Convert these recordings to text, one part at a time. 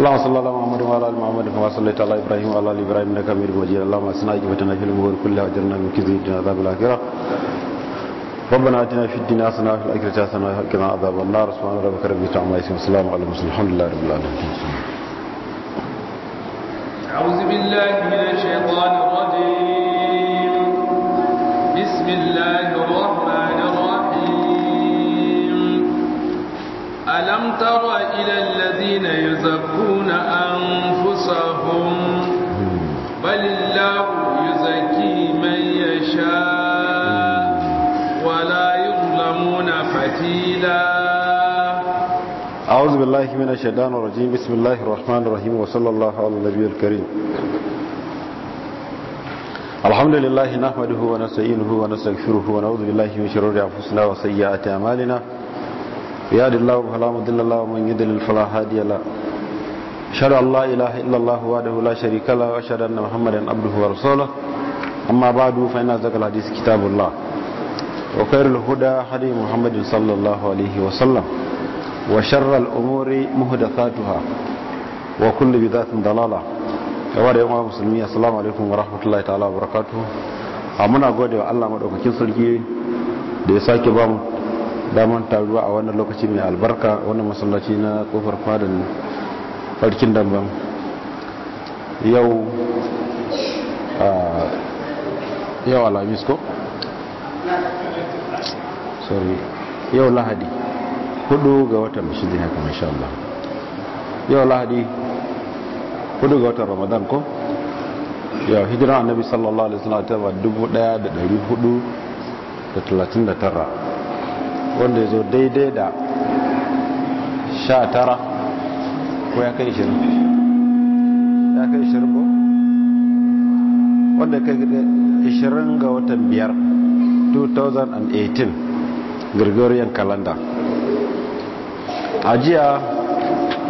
اللهم صل على محمد وعلى ال محمد كما صليت على ابراهيم وعلى ال ابراهيم انك حميد مجيد اللهم اسنا اجبتنا في الامور كلها واجرنا من كذب الدنيا عذاب الاخره ربنا اتنا في الدنيا حسنه وفي الاخره حسنه وقنا عذاب النار سبحان ربك رب العزه عما يصفون وسلام على المرسلين الحمد لله رب العالمين اعوذ بالله من الشيطان الرجيم يزكون أنفسهم بل الله يزكي من يشاء ولا يظلمون فتيلا أعوذ بالله من الشيطان الرجيم بسم الله الرحمن الرحيم وصلى الله على النبي الكريم الحمد لله نحمده ونستعينه ونستغفره ونعوذ بالله من شرور أنفسنا وسيئات أعمالنا يهد الله فلا مضل له ومن يضلل فلا هادي له أشهد أن لا إله إلا الله وحده لا شريك له وأشهد أن محمدا عبده ورسوله أما بعد فإن أصدق الحديث كتاب الله وخير الهدى هدي محمد صلى الله عليه وسلم وشر الأمور محدثاتها وكل بذات ضلالة yawa da yawan musulmi assalamu alaikum wa rahmatullahi ta'ala wa barakatu a muna gode wa Allah madaukakin sarki da ya sake ba mu damar taruwa a wannan lokaci mai albarka wannan masallaci na kofar fadan farkin damban yau a yau alamis ko? sorry yau lahadi hudu ga watan bishidi haka masha Allah yau lahadi hudu ga watan ramadan ko? yau hijira annabi sallallahu alaihi wasallam dubu daya da dari hudu da talatin da tara wanda ya zo daidai da sha tara ko ya kai 20 ya kai 20 ko wanda kai gida 20 ga watan 5 2018 gregorian calendar a jiya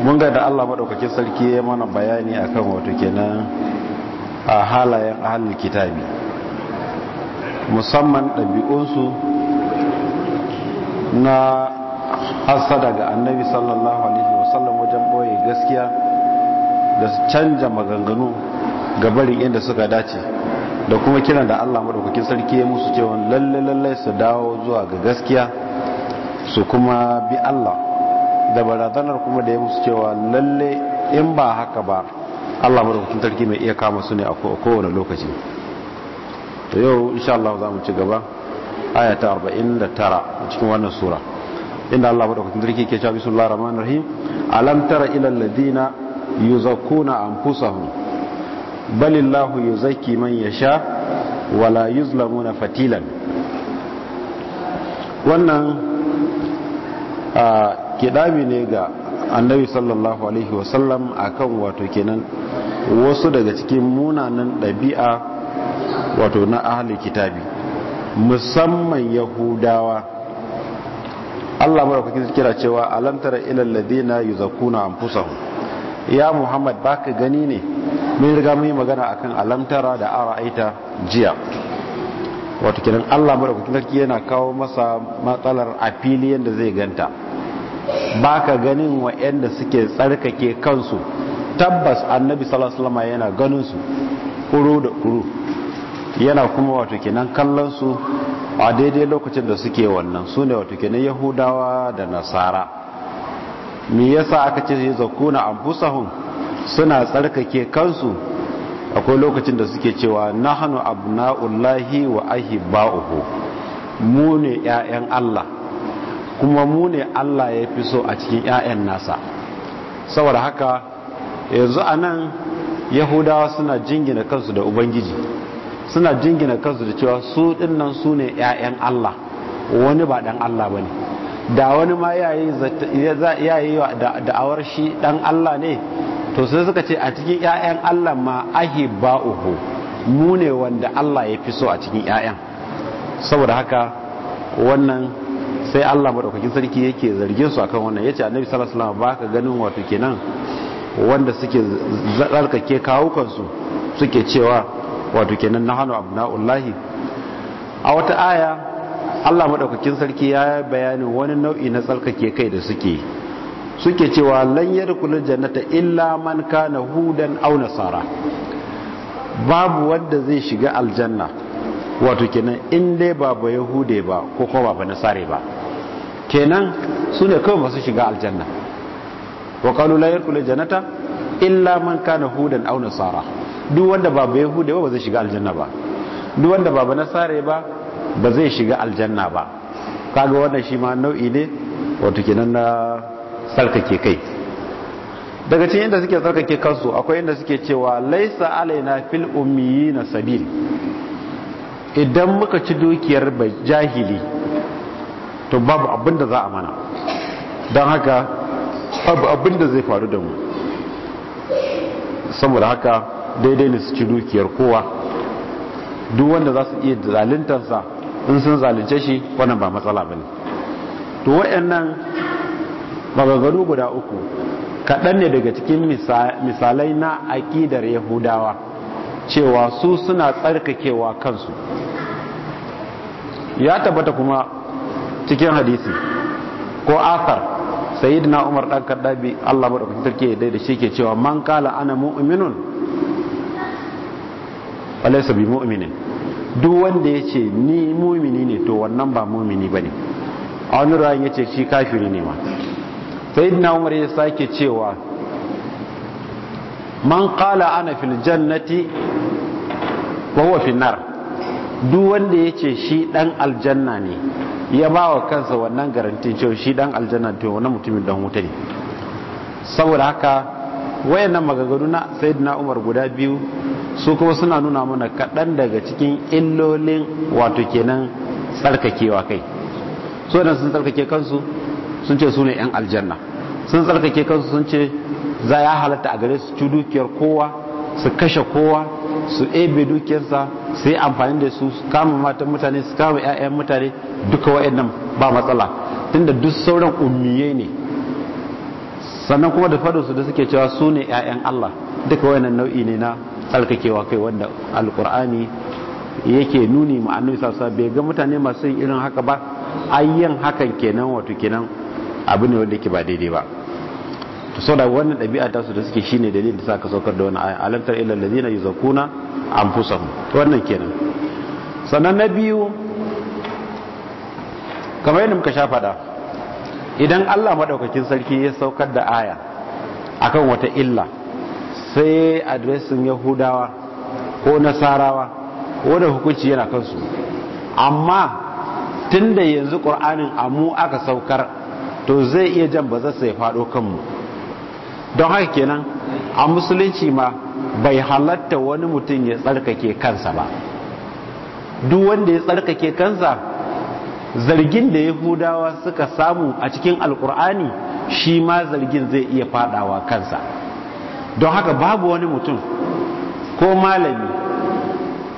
mun ga da allah maɗaukakin sarki ya mana bayani akan wato kenan a halayen ahalin kitabi musamman ɗabi'unsu na hasada ga annabi sallallahu gaskiya da canja maganganu ga barin inda suka dace da kuma kiran da Allah madaukakin sarki ya musu cewa lalle lalle su dawo zuwa ga gaskiya su kuma bi Allah da barazanar kuma da ya musu cewa lalle in ba haka ba Allah madaukakin sarki mai iya kama su ne a kowane lokaci to yau insha Allah za mu ci gaba aya ta 49 cikin wannan sura inda Allah madaukakin sarki ke cewa bismillahir rahmanir rahim alam tara ila alladhina yuzakkuna anfusahum balillahu illahu yuzakki man yasha wala yuzlamuna fatilan wannan kidami ne ga annabi sallallahu alaihi wasallam akan wato kenan wasu daga cikin munanan ɗabi'a wato na ahli kitabi musamman yahudawa Allah madaukakin kira cewa alam tara ilal ladina yuzakuna anfusahum ya Muhammad baka gani ne mun riga mun magana akan alantara da da aita jiya wato kenan Allah madaukakin sarki yana kawo masa matsalar a yadda zai ganta baka ganin yadda suke tsarkake kansu tabbas annabi salasalama yana ganin su kuro da kuro yana kuma wato kinan kallon su a daidai lokacin da suke wannan su ne wata kenan yahudawa da nasara me yasa aka ce zakuna amfusahun suna tsarkake kansu akwai lokacin da suke cewa na hannu nahnu abna'ullahi wa ba'uhu mu ne 'ya'yan Allah kuma mu ne Allah ya fi so a cikin 'ya'yan nasa saboda haka yanzu anan yahudawa suna jingina kansu da ubangiji suna jingina kansu da cewa su dinnan su ne 'ya'yan Allah wani ba dan Allah ba ne da wani ma yayi da'awar shi dan Allah ne to sai suka ce a cikin 'ya'yan Allah ma ahi ba'uhu mu ne wanda Allah ya fi so a cikin 'ya'yan saboda haka wannan sai Allah madaukakin sarki yake zargin su akan wannan yace annabi sallallahu alaihi wasallam baka ganin wato kenan wanda suke zarkake kawukansu suke cewa wato kenan na nahnu abna'ullahi a wata aya Allah maɗaukakin sarki ya bayani wani nau'i na tsarkake kai da suke suke cewa lanyar kula jannata illa man kana hudan au nasara babu wanda zai shiga aljanna wato kenan in dai ba ba yahude ba ko kuma ba nasare ba kenan su ne kawai masu shiga aljanna wa lanyar kula yadkhulul jannata illa man kana hudan au nasara duk wanda ba yahude ba ba zai shiga aljanna ba duk wanda ba nasare ba ba zai shiga aljanna ba kaga wannan shi ma nau'i ne wato kenan na sarkake kai daga cikin inda suke sarkake kansu akwai inda suke cewa laisa alaina fil ummiyina sabil idan muka ci dukiyar ba jahili to babu abin da za a mana don haka babu abin da zai faru da mu saboda haka daidai ne su ci dukiyar kowa duk wanda za su iya zaluntarsa in sun zalunce shi wannan ba matsala ba ne to wa'annan maganganu guda uku kaɗan ne daga cikin misalai na aƙidar yahudawa cewa su suna tsarkakewa kansu ya tabbata kuma cikin hadisi ko athar sayyidina umar dan kaddabi Allah madaukakin sarki ya da shi ke cewa man kala ana mu'minun alaysa bi mu'minin duk wanda yace ni mu'mini ne to wannan ba mu'mini bane a wani ra'ayin yace shi kafiri ne ma na umar ya sake cewa man qala ana fil jannati wa huwa fil nar duk wanda yace shi dan aljanna ne ya ba wa kansa wannan garantin cewa shi dan aljanna to wannan mutumin dan wuta ne saboda haka wayannan magagaru na sayyidina Umar guda biyu su kuma suna nuna mana kaɗan daga cikin illolin wato kenan tsarkakewa kai su waɗanda sun tsarkake kansu sun ce su ne 'yan aljanna sun tsarkake kansu sun ce za ya halatta a gare su ci dukiyar kowa su kashe kowa su ebe dukiyarsa su yi amfani da su su kama matan mutane su kama 'ya'yan mutane duka nan ba matsala tunda duk sauran ummiye ne sannan kuma da su da suke cewa su ne 'ya'yan Allah duka nan nau'i ne na tsarkakewa kai wanda alkur'ani yake nuni ma'anin sassa bai ga mutane masu yin irin haka ba ayyan hakan kenan wato kenan abu ne wanda ke ba daidai ba to da wannan ɗabi'a ta su da suke shine dalilin da saka saukar da wannan ayan alamtar ila allazina yuzakuna anfusahum wannan kenan sannan na biyu kamar yadda muka sha faɗa idan Allah madaukakin sarki ya saukar da aya akan wata illa sai adresin yahudawa ko nasarawa ko da hukunci yana kansu amma tun da yanzu ƙur'anin amu aka saukar to zai iya jan ba zai sai faɗo kanmu don haka kenan a musulunci ma bai halatta wani mutum ya tsarkake kansa ba duk wanda ya tsarkake kansa zargin da yahudawa suka samu a cikin alkur'ani shi ma zargin zai iya fadawa kansa don haka babu wani mutum ko malami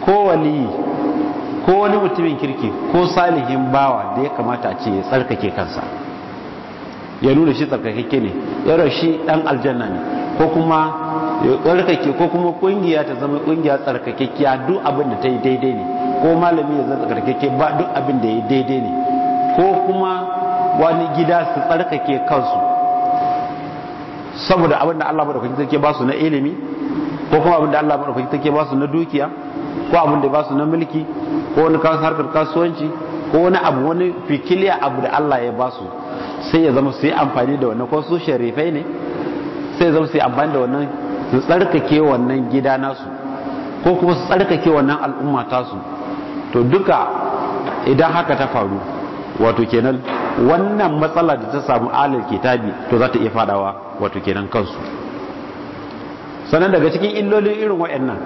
ko waliyi ko wani mutumin kirki ko salihin bawa da ya kamata a ce ya tsarkake kansa ya nuna shi tsarkake ne ya shi dan aljanna ne ko kuma ya tsarkake ko kuma kungiya ta zama kungiya tsarkakekiya duk abin da ta yi daidai ne ko malami ya zama tsarkake ba duk abin da ya yi daidai ne ko kuma wani gida su tsarkake kansu saboda abin da Allah madaukaki take ba su na ilimi ko kuma abin da Allah madaukaki take ba su na dukiya ko abin da ba su na mulki ko wani harkar kasuwanci ko wani abu wani fikiliya abu da Allah ya ba su sai ya zama su yi amfani da wannan ko su sharifai ne sai ya zama su yi amfani da wannan su tsarkake wannan gida nasu ko kuma su tsarkake wannan al'umma tasu to duka idan haka ta faru wato kenan wannan matsala da ta samu alal kitabi to za ta iya fadawa wato kenan kansu sannan daga cikin illolin irin waɗannan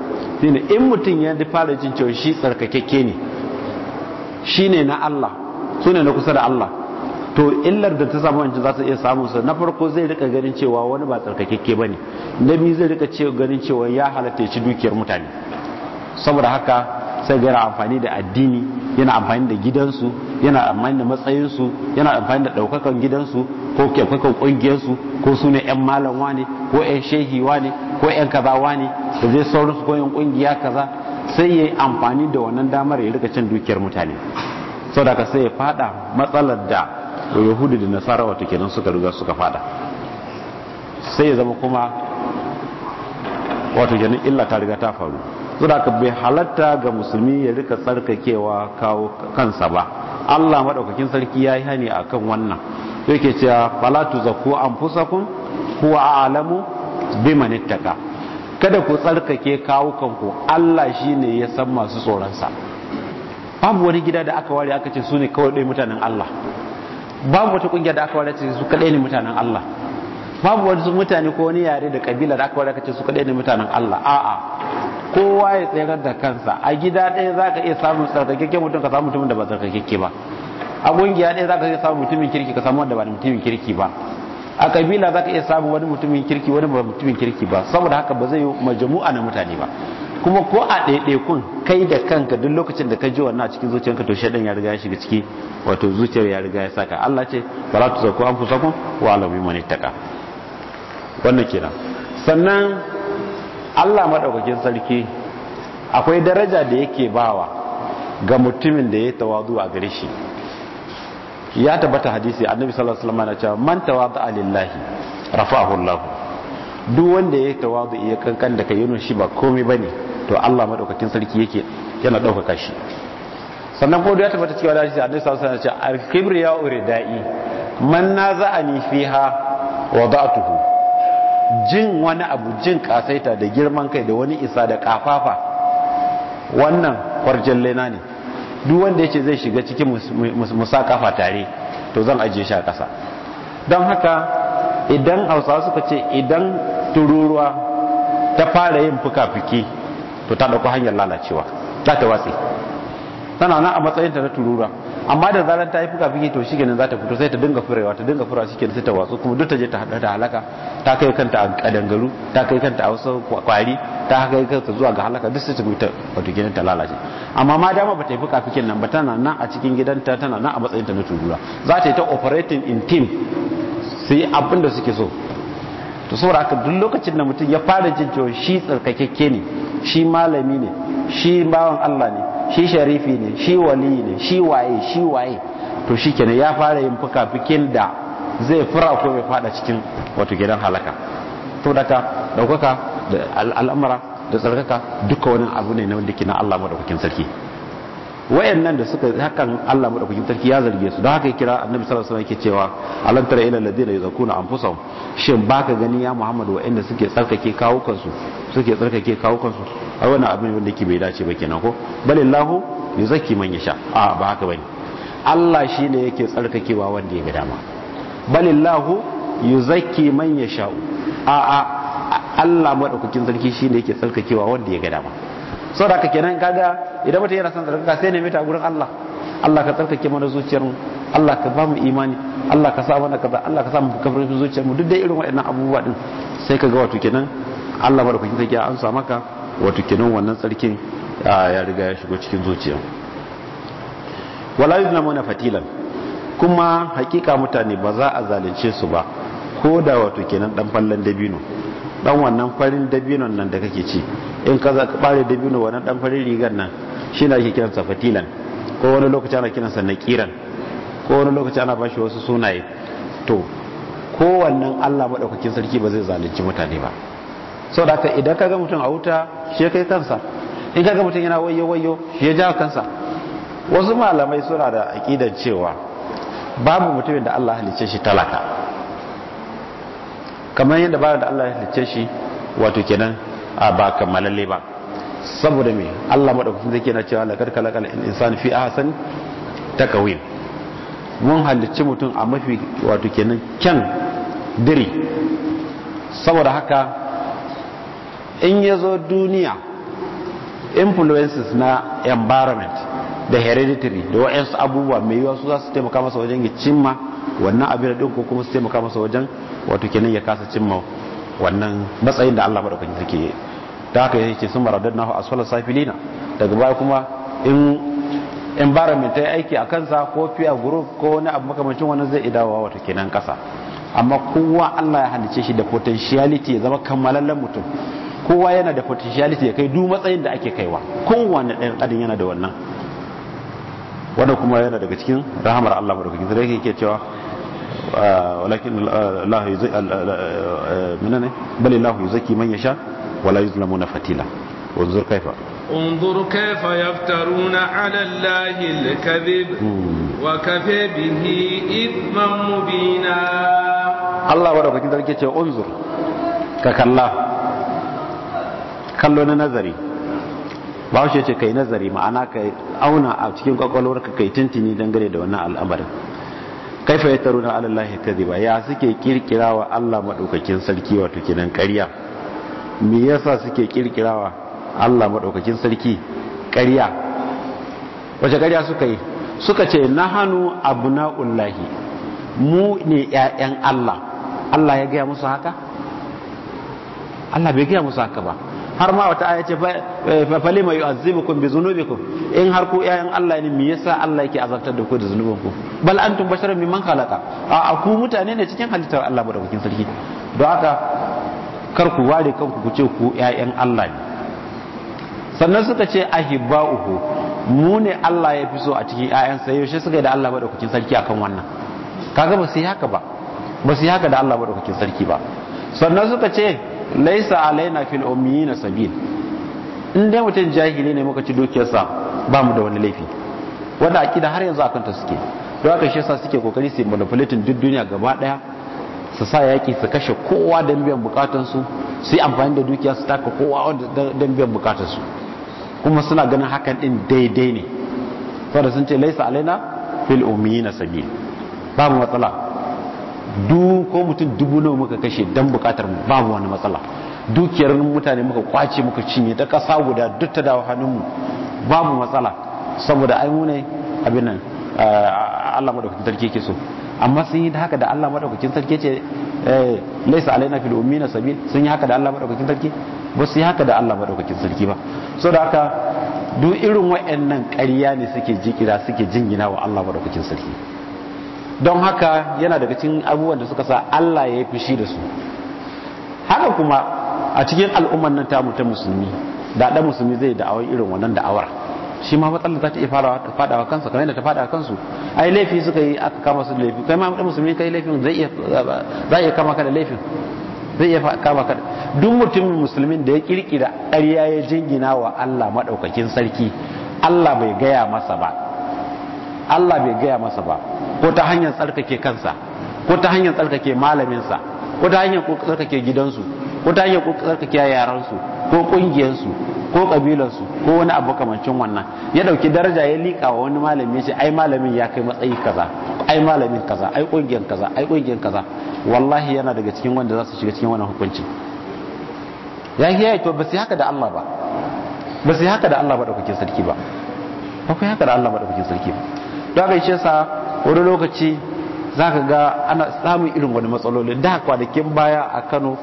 ne in mutum ya fara jin cewa shi tsarkakekke ne Shi ne na Allah sune na kusa da Allah to illar da ta samu wancan za ta iya samun sa na farko zai rika ganin cewa wani ba tsarkakekke ne. na biyu zai rika ganin cewa ya halatta ya ci dukiyar mutane saboda haka sai ga yana amfani da addini yana amfani da gidansu yana amfani da matsayinsu yana amfani da daukakan gidansu ko kyakkyakan kungiyarsu ko su ne ‘yan malam wani ko ‘yan shehi wani ko ‘yan kaza wane da zai sauransu su koyan ƙungiya kaza sai ya yi amfani da wannan damar ya rika cin dukiyar mutane saboda sai ya fada matsalar da yahudu da nasara wato kenan suka riga suka fada sai ya zama kuma wato kenan illa ta riga ta faru saboda ka bai halatta ga musulmi ya rika tsarkakewa kawo kansa ba Allah maɗaukakin sarki ya yi hani a kan wannan yake cewa fala tuzakku kuwa a a'lamu bi manittaka kada ku tsarkake kawo kanku Allah shi ne ya san masu tsoron babu wani gida da aka ware aka ce su ne kawai mutanen Allah babu wata ƙungiyar da aka ware ce su kaɗai ne mutanen Allah babu wasu mutane ko wani yare da kabila da aka wadaka ce su kadai ne mutanen Allah a'a kowa ya tsayar da kansa a gida ɗaya za ka iya samun tsarkakakken mutum ka samu mutumin da ba tsarkakakke ba a ƙungiya ɗaya za ka iya samun mutumin kirki ka samu wanda ba mutumin kirki ba a kabila za ka iya samun wani mutumin kirki wani ba mutumin kirki ba saboda haka ba zai yi majamu'a na mutane ba kuma ko a ɗaiɗaikun kai da kanka duk lokacin da ka ji wannan a cikin zuciyarka to shaɗan ya riga ya shiga ciki wato zuciyar ya riga ya saka Allah ce an zakku anfusakum wa alamu mani ittaqa wannan kenan sannan Allah madaukakin sarki akwai daraja da yake bawa ga mutumin da ya tawadu a gare shi ya tabbata hadisi annabi sallallahu alaihi wasallam cewa man tawada lillahi rafa'ahu Allah duk wanda ya tawadu ya kankan da kai yunun shi ba komai bane to Allah madaukakin sarki yake yana daukaka shi sannan ko ya tabbata cewa hadisi annabi sallallahu alaihi wasallam cewa al-kibriya uridai man naza'ani fiha wada'tuhu jin wani abu jin kasaita da girman kai da wani isa da kafafa wannan kwarjin lena ne duk wanda ya ce zai shiga cikin musakafa tare to zan ajiye shi a ƙasa don haka idan hausa suka ce idan tururuwa ta fara yin fuka-fuki to ta ɗauko hanyar lalacewa za ta watsi tana nan a matsayinta na tururuwa amma da zaran ta yi fuka fuki to shikenan za ta fito sai ta dinga furewa ta dinga furewa shikenan sai ta watsu kuma duk ta je ta hada ta halaka ta kai kanta a kadangaru ta kai kanta a wasu kwari ta kai kanta zuwa ga halaka duk sai ta wato gidan ta lalace amma ma dama ba ta yi fuka fukin nan ba tana nan a cikin gidanta tana nan a matsayin ta na turura za ta yi ta operating in team sai abin da suke so to saboda haka duk lokacin da mutum ya fara jin cewa shi tsarkakekke ne shi malami ne shi bawan Allah ne shi sharifi ne shi wali ne shi waye shi waye to shi kenan ya fara yin fuka-fikin da zai fura ko bai fada cikin wato gidan halaka to daga daukaka da al'amara da tsarkaka duka wani abu ne na wanda ke na Allah madaukakin sarki Wayan nan da suka hakan Allah madaukakin sarki ya zarge su don haka ya kira annabi sallallahu alaihi wasallam yake cewa alam tara ila alladheena yuzakuna anfusahum shin baka gani ya Muhammad da suke tsarkake kawukan su suke tsarkake kawukan su ai wannan abin wanda yake bai dace ba kenan ko balillahu yuzakki man yasha a ba haka bane Allah shine yake tsarkakewa wanda ya ga dama balillahu yuzakki man yasha a a Allah madaukakin sarki shine yake tsarkakewa wanda ya ga dama saboda haka kenan kaga idan mutum yana son tsarkaka sai ne mita gurin Allah Allah ka tsarkake mana zuciyar mu Allah ka ba mu imani Allah ka sa mana kaza Allah ka sa mu kafar zuciyar mu duk da irin waɗannan abubuwa din sai kaga wato kenan Allah madaukakin sarki ya amsa maka wato kenan wannan tsarkin ya riga ya shigo cikin zuciyar. wala mana fatilan kuma hakika mutane ba za a zalunce su ba ko da wato kenan dan fallan dabino dan wannan farin dabinon nan da kake ci in ka za ka bare dabino wannan ɗan farin rigar nan shi na ake kiransa fatilan ko wani lokaci ana kiransa na kiran ko wani lokaci ana bashi wasu sunaye to kowannen Allah maɗaukakin sarki ba zai zalunci mutane ba da haka idan kaga mutum a wuta shi kai kansa in kaga mutum yana wayo wayo ya ja kansa wasu malamai suna da aƙidar cewa babu mutumin da Allah halicce shi talaka kamar yadda babu da Allah halicce shi wato kenan a ba kammalalle ba saboda me Allah madaukakin zai na cewa laqad khalaqal insana fi ahsani takawil mun halicci mutum a mafi wato kenan kyan diri saboda haka in ya zo duniya influences na environment da hereditary da wasu abubuwa mai yiwa su za su taimaka masa wajen ya cimma wannan abin da ko kuma su taimaka masa wajen wato kenan ya kasa cimma wannan matsayin da Allah madaukakin sarki ya da haka yake sun na a asfala safilina daga baya kuma in environment ta yi aiki a kansa ko fiya group ko wani abu makamancin wannan zai idawa wata kenan kasa amma kowa Allah ya halice shi da potentiality ya zama kammalallen mutum kowa yana da potentiality ya kai duk matsayin da ake kaiwa kowanne ɗan adam yana da wannan wanda kuma yana daga cikin rahamar Allah madaukakin sarki yake cewa walakin Allah menene bal Allah yuzaki man yasha wala fatila wanzur kaifa انظر كيف يفترون على الله الكذب وكفى به إثما مبينا الله وربك ذلك انظر ككلا kallo na nazari ba shi ce kai nazari ma'ana kai auna a cikin kwakwalwarka kai tuntuni dangane da wannan al'amarin kaifa ya taru na Allah ba ya suke kirkira wa Allah madaukakin sarki wato kinan ƙarya me yasa suke kirkira wa Allah madaukakin sarki ƙarya wace ƙarya suka yi suka ce nahanu abna'ullahi mu ne ƴaƴan Allah Allah ya gaya musu haka Allah bai gaya musu haka ba har ma wata aya ce fa fa mai yu'azzibukum bi dhunubikum in har ku yayan Allah ne me yasa Allah yake azabtar da ku da zunubanku bal antum basharun mimman khalaqa a ku mutane ne cikin halittar Allah madaukakin sarki don haka kar ku ware kanku ku ce ku yayan Allah ne sannan suka ce ahibba'uhu mu ne Allah ya fi so a cikin ƴaƴansa yaushe suka yi da Allah madaukakin sarki akan wannan kaga ba su yi haka ba ba su yi haka da Allah madaukakin sarki ba sannan suka ce laisa alaina fil ummiyina sabil in dai mutum jahili ne muka ci dukiyarsa ba mu da wani laifi wanda akida har yanzu akan ta suke don haka shi yasa suke kokari su manipulating duk duniya gaba daya su sa yaki su kashe kowa don biyan bukatun su yi amfani da dukiya su taka kowa don biyan su kuma suna ganin hakan din daidai ne saboda sun ce laisa alaina fil ummiyina sabil mu matsala du ko mutum dubu nawa muka kashe dan bukatar mu babu wani matsala dukiyar mutane muka kwace muka cinye ta kasa guda duk ta dawo hannunmu babu matsala saboda ai mu ne abin nan eh, Allah madaukakin sarki yake so amma sun yi haka da Allah madaukakin sarki ce eh, laisa alaina fil ummina sabil sun yi haka da Allah madaukakin sarki ba su yi haka da Allah madaukakin sarki ba so da haka duk irin wayannan ƙarya ne suke jikira suke jingina wa Allah madaukakin sarki don haka yana daga cikin abubuwan da suka sa Allah ya yi fushi da su haka kuma a cikin al'umman nan tamu ta musulmi da ɗan musulmi zai da'awar irin wannan da'awar shi ma matsalar za ta iya fadawa kansa kamar yadda ta fada kansu ai laifi suka yi aka kama su laifi kai ma ɗan musulmi kai laifin zai iya za iya kama ka da laifin zai iya kama ka duk mutumin musulmin da ya kirkira ƙarya ya jingina wa Allah madaukakin sarki Allah bai gaya masa ba Allah bai gaya masa ba ko ta hanyar tsarkake kansa ko ta hanyar tsarkake malaminsa ko ta hanyar tsarkake gidansu ko ta hanyar tsarkake yaransu ko kungiyarsu ko kabilarsu ko wani abu kamancin wannan ya dauki daraja ya lika wa wani malami shi ai malamin ya kai matsayi kaza ai malamin kaza ai kungiyar kaza ai kungiyar kaza wallahi yana daga cikin wanda za su shiga cikin wannan hukunci ya yi to ba su haka da Allah ba ba su haka da Allah ba daukakin sarki ba ba ku haka da Allah ba daukakin sarki ba don haka shi yasa wani lokaci za ka ga ana samun irin wani matsaloli da kwanakin baya a kano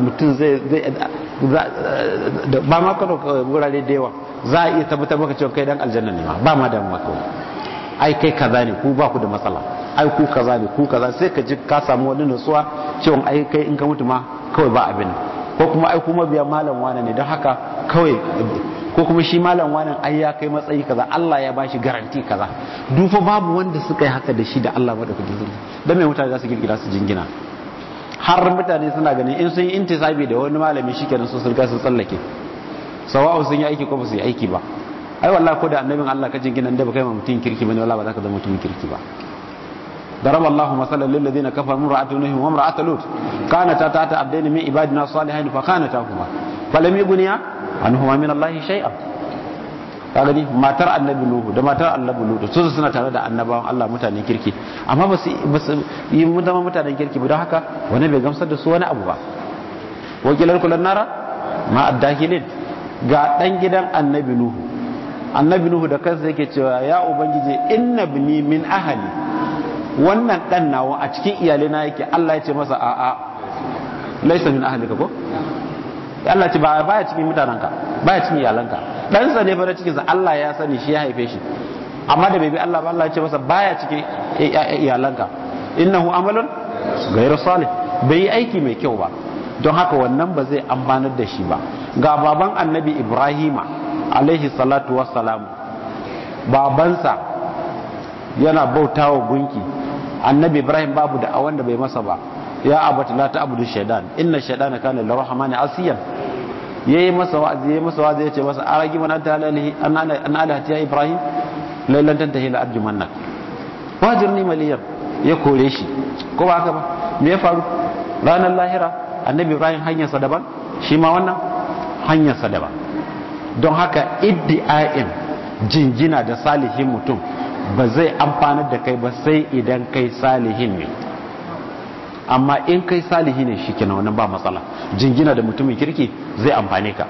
mutum zai eh, eh, ba ma kano eh, wurare da yawa za a iya tabbatar maka cewa kai dan aljanna ne ma ba ma da maka ai kai kaza ne ku ba ku da matsala ai ku kaza ne ku kaza sai ka ji ka samu wani nutsuwa cewa ai kai in ka mutu ma kawai ba abin ko kuma ai kuma biya malam wane ne don haka kawai ko kuma shi malam wani ai ya kai matsayi kaza Allah ya bashi garanti kaza dufa babu wanda suka yi haka da shi da Allah madaukakin sarki dan me mutane za su girgira su jingina har mutane suna ganin in sun yi intisabi da wani malami shikenan sun sulka su tsallake sawa'u sun yi aiki ko ba su yi aiki ba ai wallahi ko da annabin Allah ka jingina da ba kai mutum kirki bane wallahi ba za ka zama mutum kirki ba ضرب الله مثلا للذين كفروا امرأة نوح وامرأة لوط كانتا تحت عبدين من عبادنا صالحين فخانتاهما فلم يغنيا anhuma min Allahi shay'a kaga ni matar annabi nuhu da matar annabi lutu su suna tare da annabawan Allah mutanen kirki amma ba su yi zama mutanen kirki ba don haka wani bai gamsar da su wani abu ba wakilar kulan nara ma addahilin ga dan gidan annabi nuhu annabi nuhu da kansa yake cewa ya ubangiji inna bini min ahali wannan dan nawa a cikin iyalina yake Allah ya ce masa a'a laisa min ahlika ko Allah ce ba baya cikin mutanenka baya cikin iyalanka dan sa ne fara cikin sa Allah ya sani shi ya haife shi amma da bai bi Allah ba Allah ya ce masa baya cikin iyalanka innahu amalun ghairu salih bai yi aiki mai kyau ba don haka wannan ba zai amfanar da shi ba ga baban annabi Ibrahima alaihi salatu wassalam babansa yana bautawa gunki annabi Ibrahim babu da wanda bai masa ba ya abata la ta'budu shaytan inna shaytana kana lirrahmani asiyan yayi masa wa'azi yayi masa wa'azi yace masa aragi man anta alaihi an an alati ya ibrahim lailan tantahi la arjumanna wajirni maliyan ya kore shi ko ba haka ba me ya faru ranar lahira annabi ibrahim hanyar sa daban shi ma wannan sa daban don haka iddi'in jingina da salihin mutum ba zai amfanar da kai ba sai idan kai salihin ne amma in kai salihi ne shi kenan wannan ba matsala jingina da mutumin kirki zai amfane ka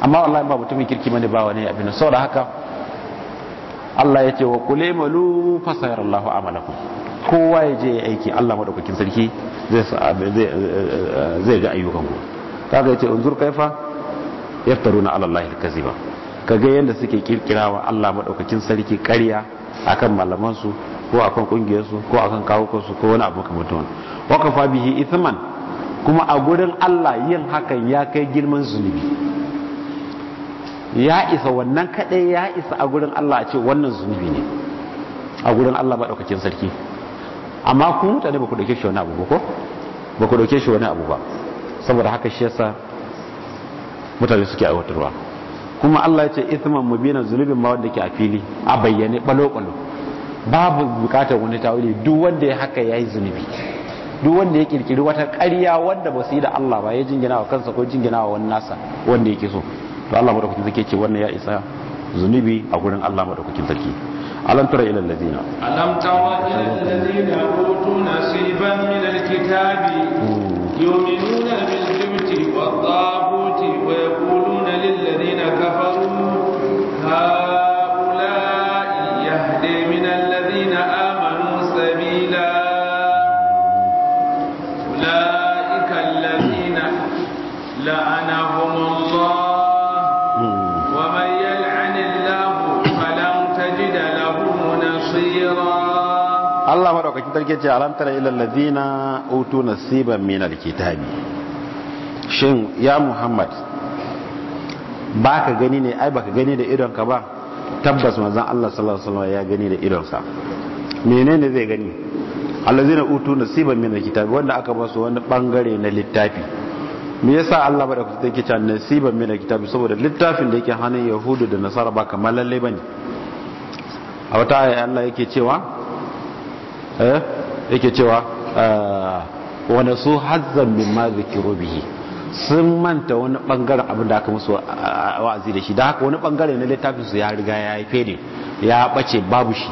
amma wallahi ba mutumin kirki bane ba wani abin da haka Allah ya ce wa kule malu sayarallahu Allahu amalakum kowa ya je aiki Allah madaukakin sarki zai ga ayyukan ku kaga yace unzur kaifa yaftaruna ala Allah Ka ga yadda suke kirkirawa Allah madaukakin sarki ƙarya akan malaman su ko akan kungiyar su ko akan kawukan su ko wani abu kamar wannan wakafa bihi ithman kuma a gurin Allah yin hakan ya kai girman zunubi ya isa wannan kadai ya isa a gurin Allah a ce wannan zunubi ne a gurin Allah ba daukakin sarki amma ku mutane ba ku dauke shi wani abu ba ko ba ku dauke shi wani abu ba saboda haka shi yasa mutane suke aiwatarwa kuma Allah ya ce ithman mubina zunubin ma wanda ke a fili a bayyane balo balo babu bukatar wani tawili duk wanda ya haka yayi zunubi duk wanda ya kirkiri wata ƙarya wanda ba su yi da Allah ba ya jingina wa kansa ko jingina wa wani nasa wanda yake so to Allah madaukakin sarki ce wannan ya isa zunubi a gurin Allah madaukakin sarki alam tara ila allazina alam tara ila allazina utu nasiban min alkitabi hmm. yu'minuna bil jibti wa dhabuti wa yaquluna lil ladina kafaru sarki ce alam tara ila ladina utu nasiban min alkitabi shin ya muhammad baka gani ne ai baka gani da idon ka ba tabbas manzon Allah sallallahu alaihi wasallam ya gani da idon sa menene zai gani allazina utu nasiban min alkitabi wanda aka ba su wani bangare na littafi me yasa Allah ba da kuta take cewa nasiban min alkitabi saboda littafin da yake hannun yahudu da nasara ba kamar lalle bane a wata aya Allah yake cewa Eh? yake cewa ah, wane su hazzan min ma zikiru bihi sun manta wani bangaren abin da aka musu ah, ah, wa'azi da shi da haka wani bangare na littafin su ya riga ya yi fere ya bace babu shi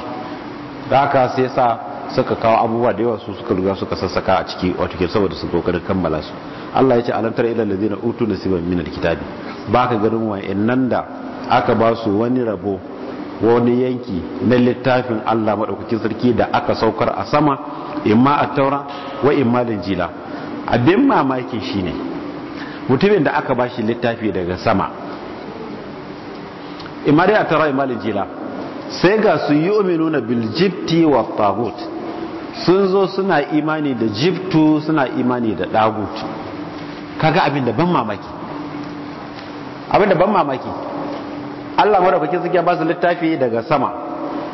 da haka sai sa suka kawo abubuwa da yawa su suka riga suka sassaka a ciki wato ke saboda su kokarin kammala su Allah ya ce alantar ila ladina utu nasiban min alkitabi baka ganin wa'annan da aka ba su wani rabo wani yanki na littafin Allah maɗaukacin sarki da aka saukar a sama in ma a taura wa da jila abin mamaki shi ne mutumin da aka ba shi littafi daga sama ma dai a taura da jila sai ga su yi uminuna nuna jibti wa tagut sun zo suna imani da jibtu suna imani da dagut kaga abin da ban mamaki abin da ban mamaki Allah madaukakin sarki ya ba su littafi daga sama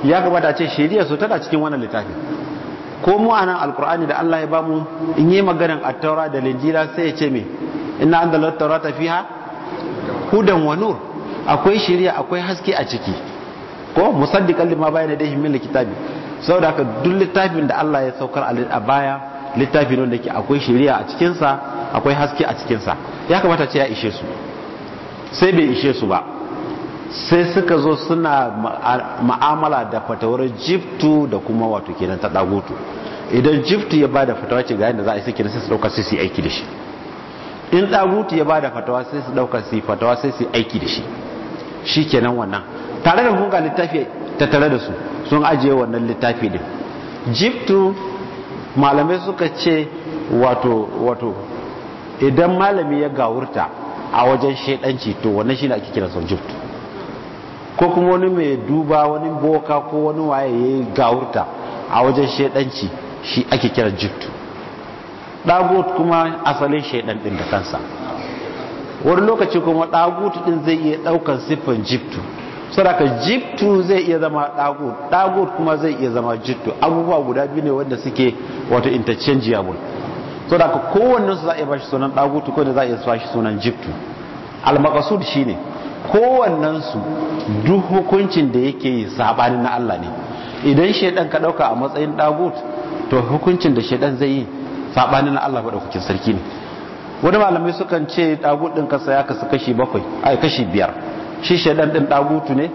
ya gabata ce shari'a su tana cikin wannan littafi ko mu anan alqur'ani da Allah ya ba mu in yi maganar at-taura da linjila sai ya ce me inna anzalna at fiha hudan wa nur akwai shari'a akwai haske a ciki ko musaddiqan lima bayana da min kitabi saboda haka duk littafin da Allah ya saukar a baya littafi ne wanda akwai shari'a a cikin sa akwai haske a cikin sa ya kamata ce ya ishe su sai bai ishe su ba sai suka zo suna ma'amala da fatawar jiftu da kuma wato kenan ta dagoto idan jiftu ya bada fatawa ce ga yadda za a yi sai kenan sai su dauka sai su aiki da shi in dagoto ya bada fatawa sai su dauka sai fatawa sai su aiki da shi shi kenan wannan tare da kun ga littafi tare da su sun ajiye wannan littafi din jiftu malamai suka ce wato wato idan malami ya gawurta a wajen shaidanci to wannan shi ne ake kira son jiftu ko kuma wani mai duba wani boka ko wani waye ya yi gawurta a wajen shaidanci shi ake kira jittu ɗagut kuma asalin shaidan ɗin da kansa wani lokaci kuma ɗagut ɗin zai iya ɗaukan siffan jittu saraka jittu zai iya zama ɗagut ɗagut kuma zai iya zama jittu abubuwa guda biyu ne wanda suke wato interchangeable saraka kowannen za a iya bashi sunan ɗagutu ko za a iya bashi sunan jittu shine kowannensu duk hukuncin da yake yi sabanin na Allah ne idan shaidan ka dauka a matsayin dagut to hukuncin da shaidan zai yi sabanin na Allah madaukakin sarki ne wani malamai sukan ce dagut din kasa ya kasu kashi bakwai ai kashi biyar shi shaidan din dagutu ne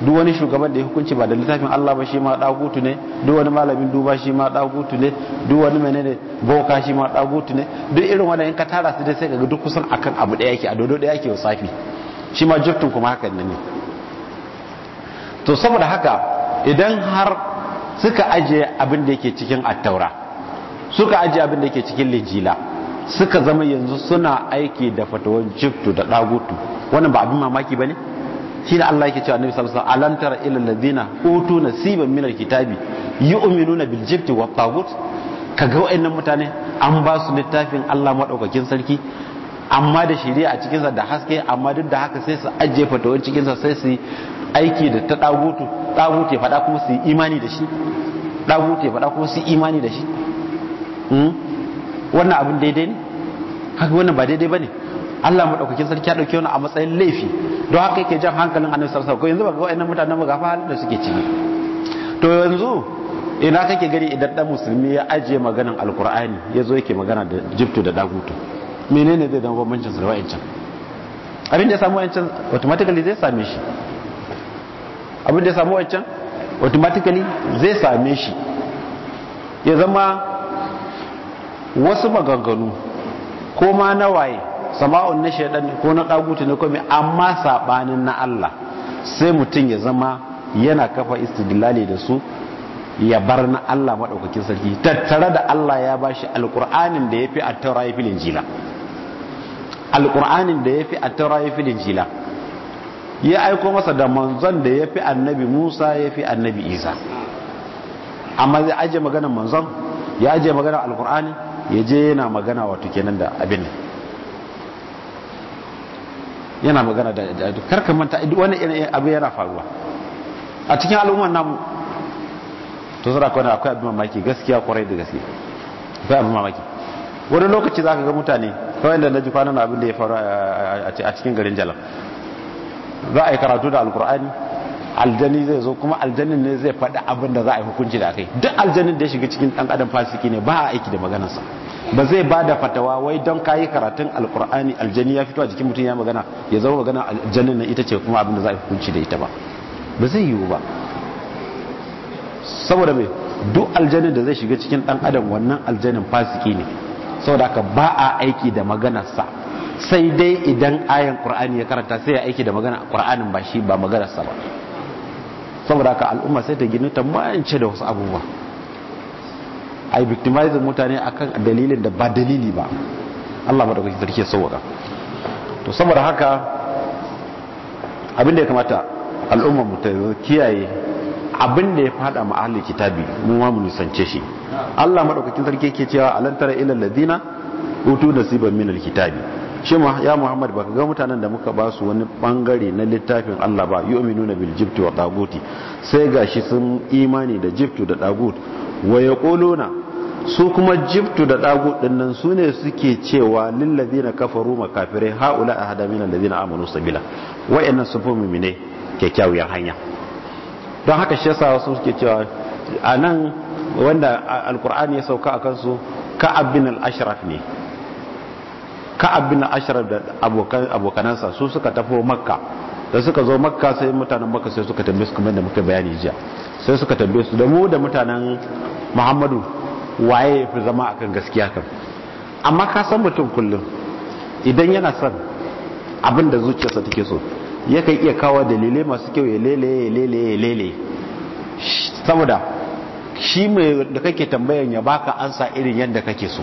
duk wani shugaban da ya hukunci ba da littafin Allah ba shi ma dagutu ne duk wani malamin duba shi ma dagutu ne duk wani menene boka shi ma dagutu ne duk irin wannan in ka tara su dai sai ga duk kusan akan abu daya yake a dodo daya yake wasafi shi ma jirtun kuma hakan ne to saboda haka idan har suka ajiye abin da yake cikin attaura suka ajiye abin da yake cikin lijila suka zama yanzu suna aiki da fatawar jiftu da dagutu wannan ba abin mamaki ba ne shi da Allah yake cewa annabi sallallahu alaihi wasallam alam ilal ladina utu nasiban min alkitabi yu'minuna bil jibti wa tagut kaga wayannan mutane an ba su littafin Allah maɗaukakin sarki amma da shirya a cikinsa da haske amma duk da haka sai su ajiye fatawar cikinsa sai su aiki da ta ɗagutu ɗagutu ya faɗa kuma su imani da shi ɗagutu ya faɗa kuma su imani da shi hmm? wannan abin daidai ne haka wannan ba daidai ba ne Allah maɗaukakin sarki ya ɗauki wani a matsayin laifi don haka yake jan hankalin annabi sarsa ko yanzu ba ga wa'annan mutanen ba gafa halin da suke ciki to yanzu ina kake gani idan ɗan musulmi ya ajiye maganan alkur'ani ya zo yake magana da jiftu da ɗagutu menene zai dan bambancin su da wa'ancan abin da ya samu wa'ancan automatically zai same shi abin da ya samu wa'ancan automatically zai same shi ya zama wasu maganganu ko ma na waye sama'un na shaidan ko na kagutu ne kome amma sabanin na Allah sai mutum ya zama yana kafa istidlali da su ya bar na Allah maɗaukakin sarki tattare da Allah ya bashi alkur'anin da ya fi a taura ya filin jila alƙur'anin da ya fi a taura ya fi linjila ya aiko masa da manzon da ya fi annabi musa ya fi annabi isa amma zai ajiye magana manzon ya ajiye magana alƙur'ani ya je yana magana wato kenan da abin yana magana da karkar manta wani abu yana faruwa a cikin al'ummar namu to zara kwana akwai abin mamaki gaskiya kwarai da gaske akwai abin mamaki wani lokaci za ka ga mutane kawai da na ji kwanan abin da ya faru a cikin garin jalam za a yi karatu da alkur'ani aljani zai zo kuma aljanin ne zai faɗi abin da za a yi hukunci da kai duk aljanin da ya shiga cikin ɗan adam fasiki ne ba a aiki da maganarsa ba zai ba da fatawa wai don yi karatun alkur'ani aljani ya fito a jikin mutum ya magana ya zama magana aljanin nan ita ce kuma abin da za a yi hukunci da ita ba ba zai yiwu ba saboda mai duk aljanin da zai shiga cikin ɗan adam wannan aljanin fasiki ne saboda haka ba a aiki da maganarsa sai dai idan ayan qur'ani ya karanta sai ya aiki da magana qur'anin ba shi ba maganarsa ba saboda haka al'umma sai ta gini ta mance da wasu abubuwa ai victimizing mutane akan dalilin da ba dalili ba Allah madaukaki sarki ya sauka saboda haka abin da ya kamata al'umma mu ta kiyaye abin da ya fada ma ahli kitabi mu ma mun sance shi Allah madaukakin sarki yake cewa alantara ilal ladina utu nasiban min alkitabi shi ya Muhammad baka ga mutanen da muka ba su wani bangare na littafin Allah ba yu'minuna bil jibti wa taguti sai gashi sun imani da jibtu da tagut wa yaquluna su kuma jibtu da dagu dinnan su ne suke cewa lillazina kafaru makafirai haula ahada min allazina amanu sabila inna sufu mu'mine kyakkyawar hanya don haka shi yasa wasu suke cewa a nan wanda alkur'ani ya sauka a kansu ka'ab bin al ne ka'ab bin al da abokanansa su suka tafi makka da suka zo makka sai mutanen makka sai suka tambaye su kamar da muka bayani jiya sai suka tambaye su da mu da mutanen muhammadu waye ya fi zama akan gaskiya kan amma ka san mutum kullum idan yana son abin da zuciyarsa take so yakan iya kawo dalilai masu kyau ya lele ya lele ya lele saboda shi mai da kake tambayan ya baka ansa irin yadda kake so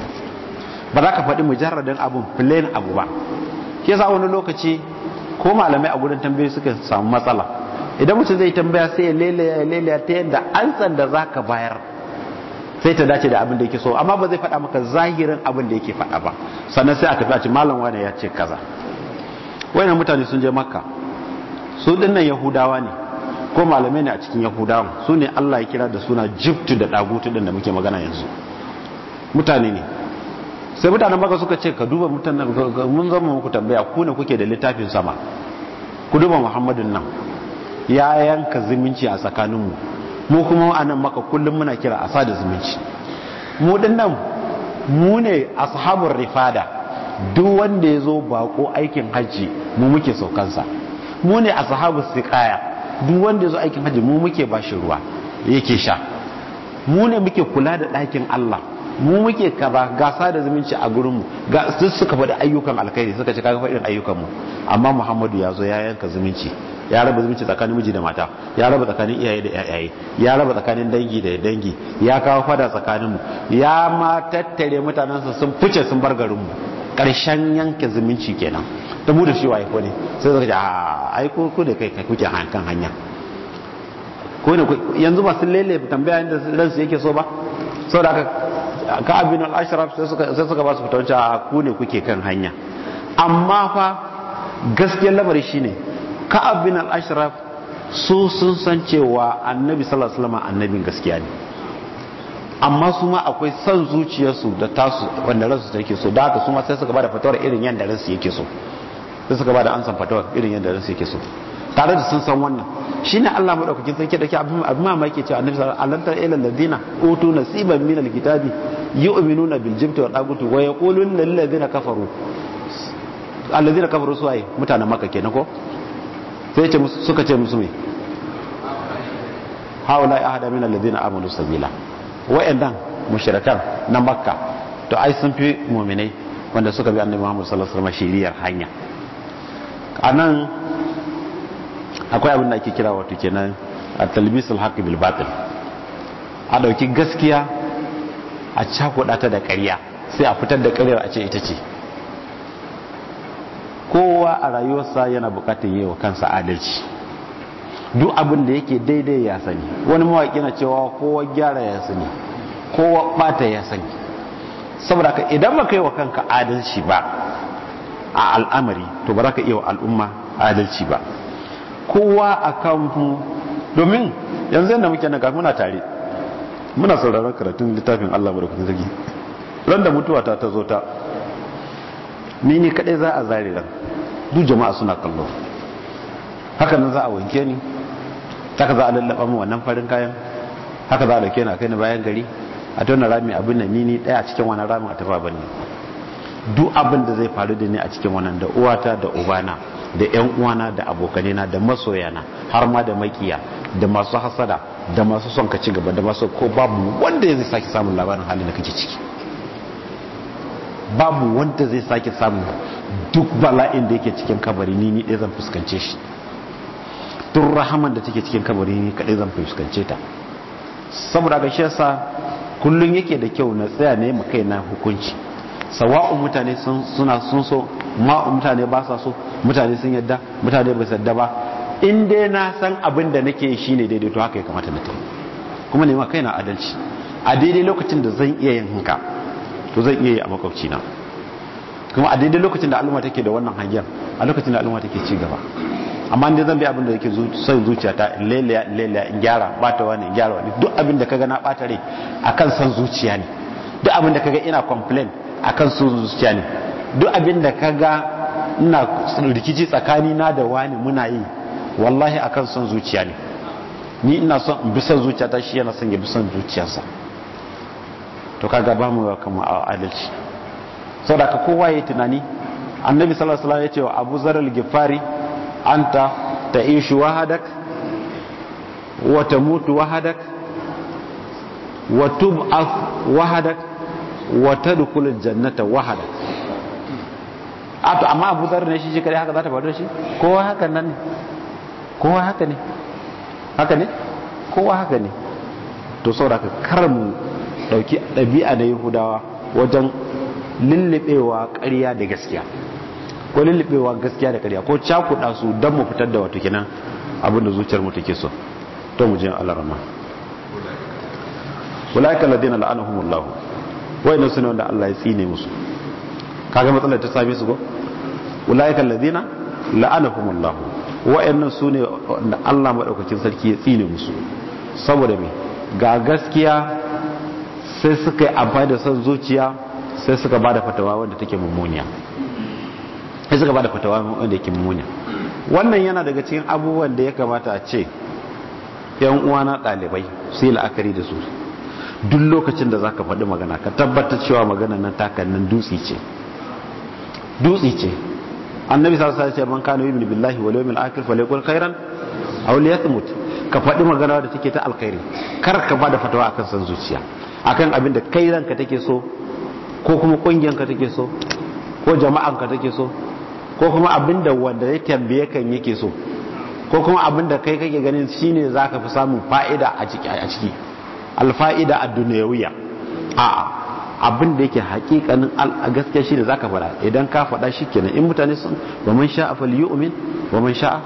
ba za ka faɗi mujarradin abun plain abu ba ke za wani lokaci ko malamai a gudun tambayi suka samu matsala idan mutum zai tambaya sai ya lele ya ta yadda ansan da za ka bayar sai ta dace da abin da yake so amma ba zai faɗa maka zahirin abin da yake faɗa ba sannan sai a tafi a ce malam wane ya ce kaza wayannan mutane sun je makka su dinnan yahudawa ne ko malamai ne a cikin yahudawa su ne allah ya kira da suna jiftu da ɗagutu din da muke magana yanzu mutane ne sai mutanen baka suka ce ka duba mutanen mun zama muku tambaya ku ne kuke da littafin sama ku duba muhammadun nan ya yanka zumunci a tsakaninmu mu kuma a nan maka kullum muna kira asa da zumunci mu dinnan mu ne ashabun rifada duk wanda ya zo bako aikin hajji mu muke saukansa mu ne sahabu kaya duk wanda ya zo aikin hajji mu muke ba shi ruwa yake sha mu ne muke kula da ɗakin Allah mu muke kaza gasa da zumunci a gurinmu ga su suka faɗi ayyukan alkhairi suka ci kaga faɗin ayyukanmu amma Muhammadu ya zo ya yanka zumunci ya raba zumunci tsakanin miji da mata ya raba tsakanin iyaye da yayaye ya raba tsakanin dangi da dangi ya kawo fada tsakaninmu ya ma tattare mutanensa sun fice sun bar garinmu karshen yanke zumunci kenan da mu da shi wa ko ne sai zaka ji a ai ko da kai kuke kan hanya ko ne yanzu ba sun lele tambaya inda su yake so ba saboda haka ka abin al-ashraf sai suka sai suka ba su fitauci a ku ne kuke kan hanya amma fa gaskiyar labari shine ka abin al-ashraf su sun san cewa annabi sallallahu alaihi wasallam annabin gaskiya ne amma su ma akwai son zuciyarsu da tasu wanda ransu take so da haka su ma sai suka bada fatawar irin yadda ransu yake so sai suka bada ansan fatawar irin yadda ransu yake so tare da sun san wannan shine Allah madaukakin sarki dake abin abin mamaki cewa annabi sallallahu alaihi wasallam ilal ladina utu nasiban min alkitabi yu'minuna bil jibti wal aquti wa yaquluna lil ladina kafaru alladina kafaru su ai mutanen makka kenan ko sai ce suka ce musu me haula ahada min alladina amanu sabila wa'annan mushrikan na makka to ai sun fi muminai wanda suka bi annabi muhammad sallallahu alaihi wasallam shiriyar hanya anan akwai abin da ake kira wato kenan a talbisul haqqi bil batil a dauki gaskiya a cakuɗa ta da ƙarya sai a fitar da ƙaryar a ce ita ce kowa a rayuwarsa yana buƙatar yi wa kansa adalci duk abin da yake daidai ya sani wani mawaƙi na cewa kowa gyara ya sani kowa ɓata ya sani saboda ka idan ba kai wa kanka adalci ba a al'amari to ba za ka iya wa al'umma adalci ba kowa a kanku domin yanzu yadda muke nan muna tare muna sauraron karatun littafin Allah mu da kuma zargi ran da mutuwa ta ta zo ta ni ne kadai za a zare ran duk jama'a suna kallo haka nan za a wanke ni haka za a lallaba mu wannan farin kayan haka za a dauke na kai na bayan gari a tona rami abin da ni ni daya cikin wannan ramin a tafa banne duk abin da zai faru da ni a cikin wannan da uwata da ubana da yan uwana da abokanina da masoyana har ma da makiya da masu hasada da masu son ka ci gaba da masu ko babu wanda zai sake samun labarin halin da kake ciki babu wanda zai sake samun duk bala'in da yake cikin kabari ni ni ɗaya zan fuskance shi duk rahaman da take cikin kabari ne kadai zan fuskance ta saboda ga shi yasa kullun yake da kyau na tsaya ne mu kai na hukunci sawa'un mutane sun suna sun so ma'u mutane ba sa so mutane sun yadda mutane ba yadda ba in dai na san abin da nake shi ne daidai to haka ya kamata na tafi kuma ne ma na adalci a daidai lokacin da zan iya yin haka to zan iya yi a makwabci na kuma a daidai lokacin da al'umma take da wannan hangen a lokacin da al'umma take ci gaba amma dai zan bi abin da yake son zuciyata in lelaya in lelaya in gyara bata wani in gyara wani duk abin da kaga na bata rai kan son zuciya ne duk abin da kaga ina complain a kan son zuciya ne duk abin da kaga ina rikici tsakani na da wani muna yi wallahi a kan son zuciya ne ni ina son in bi son zuciyata shi yana son ya bi son zuciyarsa to kaga ba mu kama adalci saboda ka kowa ya tunani annabi sallallahu alaihi wasallam ya ce wa Abu Zar gifari anta ta'ishu wahadak wa tamutu wahadak wa tub'ath wahadak wa tadkhul jannata wahadak ato amma Abu Dharr ne shi shi kare haka za ta faɗo da shi kowa haka nan ne kowa haka ne haka ne kowa haka ne to saboda ka kar mu dauki ɗabi'a na yi hudawa wajen lullubewa ƙarya da gaskiya ko lullubewa gaskiya da karya ko cakuda su don mu fitar da wato kenan abinda zuciyar mu take so to mu je Allah rahma ulaika alladhina la'anahumullah wayannan sunan wanda Allah ya tsine musu kaga matsalar ta same su ko ulaika alladhina la'anahumullah wayannan sune wanda Allah madaukakin sarki ya tsine musu saboda me ga gaskiya sai suka yi amfani da son zuciya sai suka bada fatawa wanda take mummuniya sai suka bada fatawa wanda yake mummuna wannan yana daga cikin abubuwan da ya kamata a ce yan uwana dalibai su yi la'akari da su duk lokacin da zaka faɗi magana ka tabbatar cewa magana nan takan nan dutse ce dutse ce annabi sallallahu alaihi wasallam kana yu'minu billahi wal yawmil akhir falyakul khairan aw liyasmut ka faɗi magana da take ta alkhairi kar ka bada fatawa akan san zuciya akan abin da kai take so ko kuma kungiyanka take so ko jama'anka take so ko kuma abin da wanda ya tambaye kan yake so ko kuma abin da kai kake ganin shine zaka fi samun fa'ida a ciki a ciki alfa'ida ad-dunyawiyya a abin da yake hakikanin gaskiya shine zaka fara idan ka fada shikenan in mutane sun wa man sha'a falyu'min wa man sha'a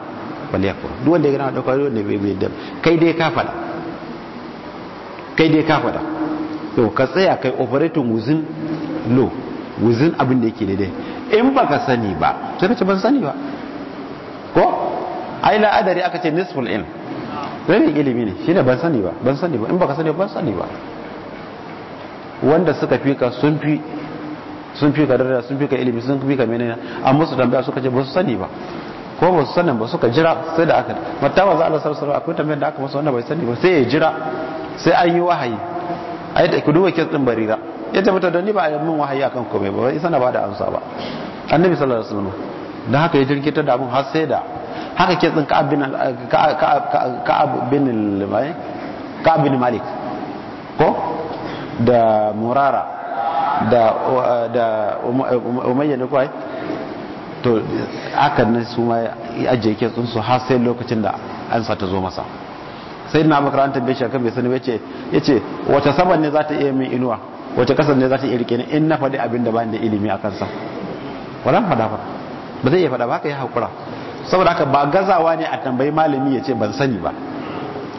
falyakfur duk wanda ya gana kwaro ne bai da kai dai ka fada kai dai ka fada to ka tsaya kai operating within law wuzin abin da yake daidai in baka sani ba sai ka ce ban sani ba ko ai la adari aka ce nisful ilm dai ilimi ne shine ban sani ba ban sani ba in baka sani ba ban sani ba wanda suka fi ka sun fi sun fi ka daraja sun fi ka ilimi sun fi ka menene an musu tambaya suka ce ba su sani ba ko ba su sanin ba suka jira sai da aka matta wa za Allah sallallahu alaihi akwai tambayar da aka masa wanda bai sani ba sai ya jira sai an yi wahayi ai da ku duba kes din barira ya tabbata don ni ba a min wahayi akan kome ba isa sana ba da amsa ba annabi sallallahu alaihi wasallam da haka ya jirkitar da abin har sai da haka ke tsin ka'ab bin ka'ab bin ka'ab bin malik ko da murara da da umayya ne kwai to aka nan su ma ajiye ke tsin su har sai lokacin da ansa ta zo masa sai na makarantar bai shakar bai sani bai ce yace wace saman ne za ta iya min inuwa wace kasar ne za ta iya rike ni in na faɗi abin da ba da ilimi a kansa ba zan faɗa ba ba zai iya faɗa ba ka yi haƙura saboda haka ba gazawa ne a tambayi malami ya ce ban sani ba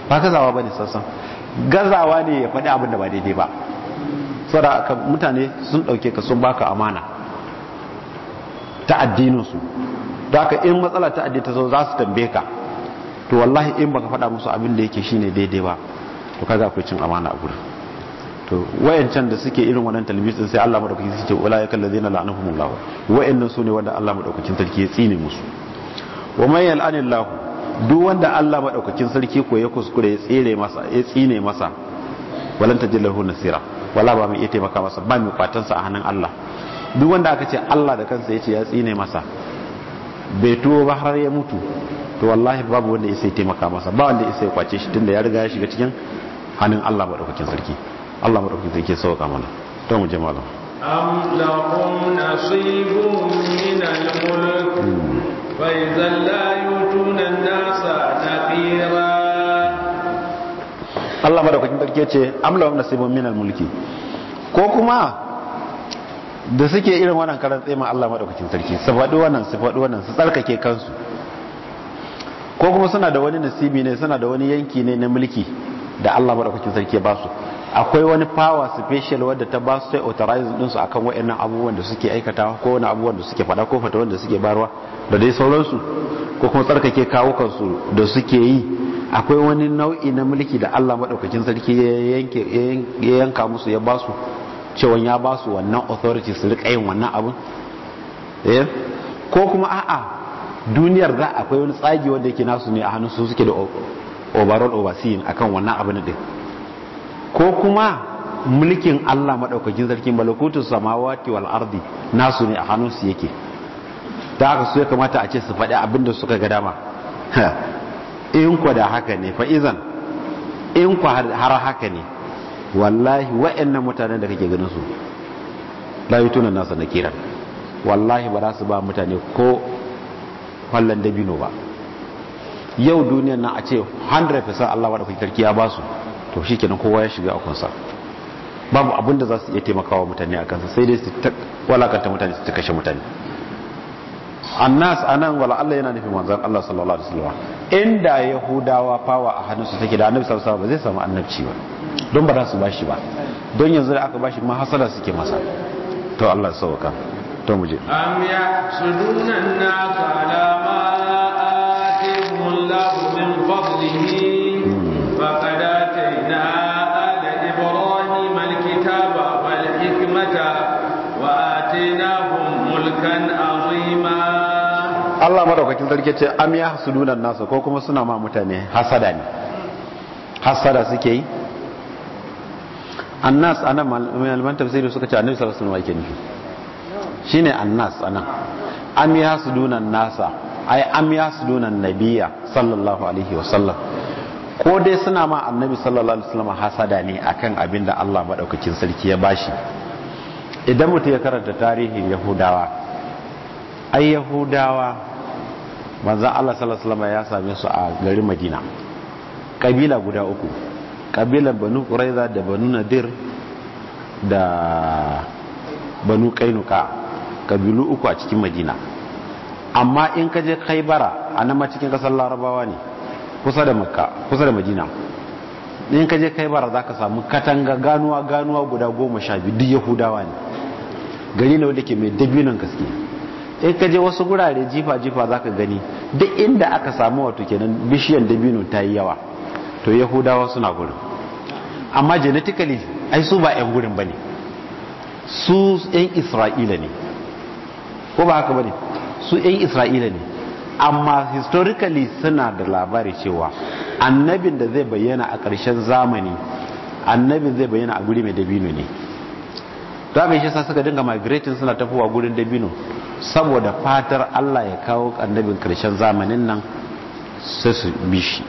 ba gazawa ba ne sassan gazawa ne ya faɗi abin da ba daidai ba saboda haka mutane sun ɗauke ka sun baka amana ta addininsu da haka in matsala ta addini ta zo za su tambaye ka to wallahi in baka faɗa musu abin da yake shine daidai ba to kaga akwai cin amana a gurin to wayancan da suke irin wannan talbis din sai Allah madaukakin sai ce ulaika allazina la'anahumullah wayannan ne wanda Allah madaukakin sarki ya tsine musu wa may yal'anillah duk wanda Allah madaukakin sarki ko ya kuskure ya tsire masa ya tsine masa walan tajallahu nasira wala ba mai iya taimaka masa ba mai kwatansa a hannun Allah duk wanda aka ce Allah da kansa ya ce ya tsine masa bai tuwo ba har ya mutu to wallahi babu wanda ya sai taimaka masa ba wanda ya sai kwace shi tunda ya riga ya shiga cikin hannun Allah madaukakin sarki Allah madaukakin ke sauka mana don mu je malam am lahum nasibun min al-mulk hmm. fa idza la yutuna an-nasa nadira Allah madaukakin sarki ce am lahum nasibun min al-mulki ko kuma da suke irin wannan karan tsaye ma Allah madaukakin sarki su faɗi wannan su faɗi wannan su tsarkake kansu ko kuma suna da wani nasibi ne suna da wani yanki ne na mulki da Allah madaukakin sarki ba su akwai wani power special wadda ta ba su sai authorize din a kan wayannan abubuwan da suke aikata ko wani abubuwan da suke fada ko fata wanda suke barwa da dai sauransu ko kuma tsarkake kawukansu da suke yi akwai wani nau'i na mulki da allah madaukakin sarki ya yanka musu ya ba su cewa ya ba su wannan authority su rika yin wannan eh ko kuma a'a duniyar za akwai wani tsagi wanda yake nasu ne a hannun su suke da overall overseeing akan wannan abin din ko kuma mulkin Allah maɗaukakin sarki malakutun samawati wal ardi nasu ne a hannunsu yake ta haka su ya kamata a ce su faɗi abin da suka ga dama in ku da haka ne fa izan in ku har haka ne wallahi wa'annan mutanen da kake ganin su tunan yutuna nasa nakira wallahi ba za su ba mutane ko kwallon dabino ba yau duniyar nan a ce 100% Allah maɗaukaki kuke ya ba su to shi kenan kowa ya shiga a kunsa babu abin da za su iya taimakawa mutane a kansa sai dai su walakanta mutane su kashe mutane annas anan wala Allah yana nufin manzon Allah sallallahu alaihi wasallam inda yahudawa fawa a hannunsu take da annabi sallallahu alaihi ba zai samu annabci ba don ba za su bashi ba don yanzu da aka bashi ma hasala suke masa to Allah ya sauka to mu Allah madaukakin sarki ce am ya hasudunan nasu ko kuma suna ma mutane hasada ne hasada suke yi annas anan malaman tafsiri suka ce annabi sallallahu alaihi wasallam yake shine annas anan am ya hasudunan nasa ai am ya hasudunan nabiyya sallallahu alaihi wasallam ko dai suna ma annabi sallallahu alaihi wasallam hasada ne akan abin da Allah madaukakin sarki ya bashi idan mutum ya karanta tarihin yahudawa ai yahudawa manzan Allah sallallahu ya same su a garin Madina kabila guda uku kabilan Banu Quraiza da Banu Nadir da Banu Kainuka kabilu uku a cikin Madina amma in ka je Khaibara a nan cikin kasar Larabawa ne kusa da Makka kusa da Madina in ka je Khaibara zaka samu katanga ganuwa ganuwa guda goma sha biyu duk Yahudawa ne gari ne wanda ke mai dabinan gaske in ka je wasu gurare jifa jifa zaka gani duk inda aka samu wato kenan bishiyan dabino ta yi yawa to yahudawa suna gurin amma genetically ai su ba yan gurin bane su yan isra'ila ne ko ba haka bane su yan isra'ila ne amma historically suna da labari cewa annabin da zai bayyana a ƙarshen zamani annabin zai bayyana a guri mai dabino ne ta mai shi sa suka dinga migrating suna tafowa gurin dabino saboda fatar Allah ya kawo annabin karshen zamanin nan sai su bi shi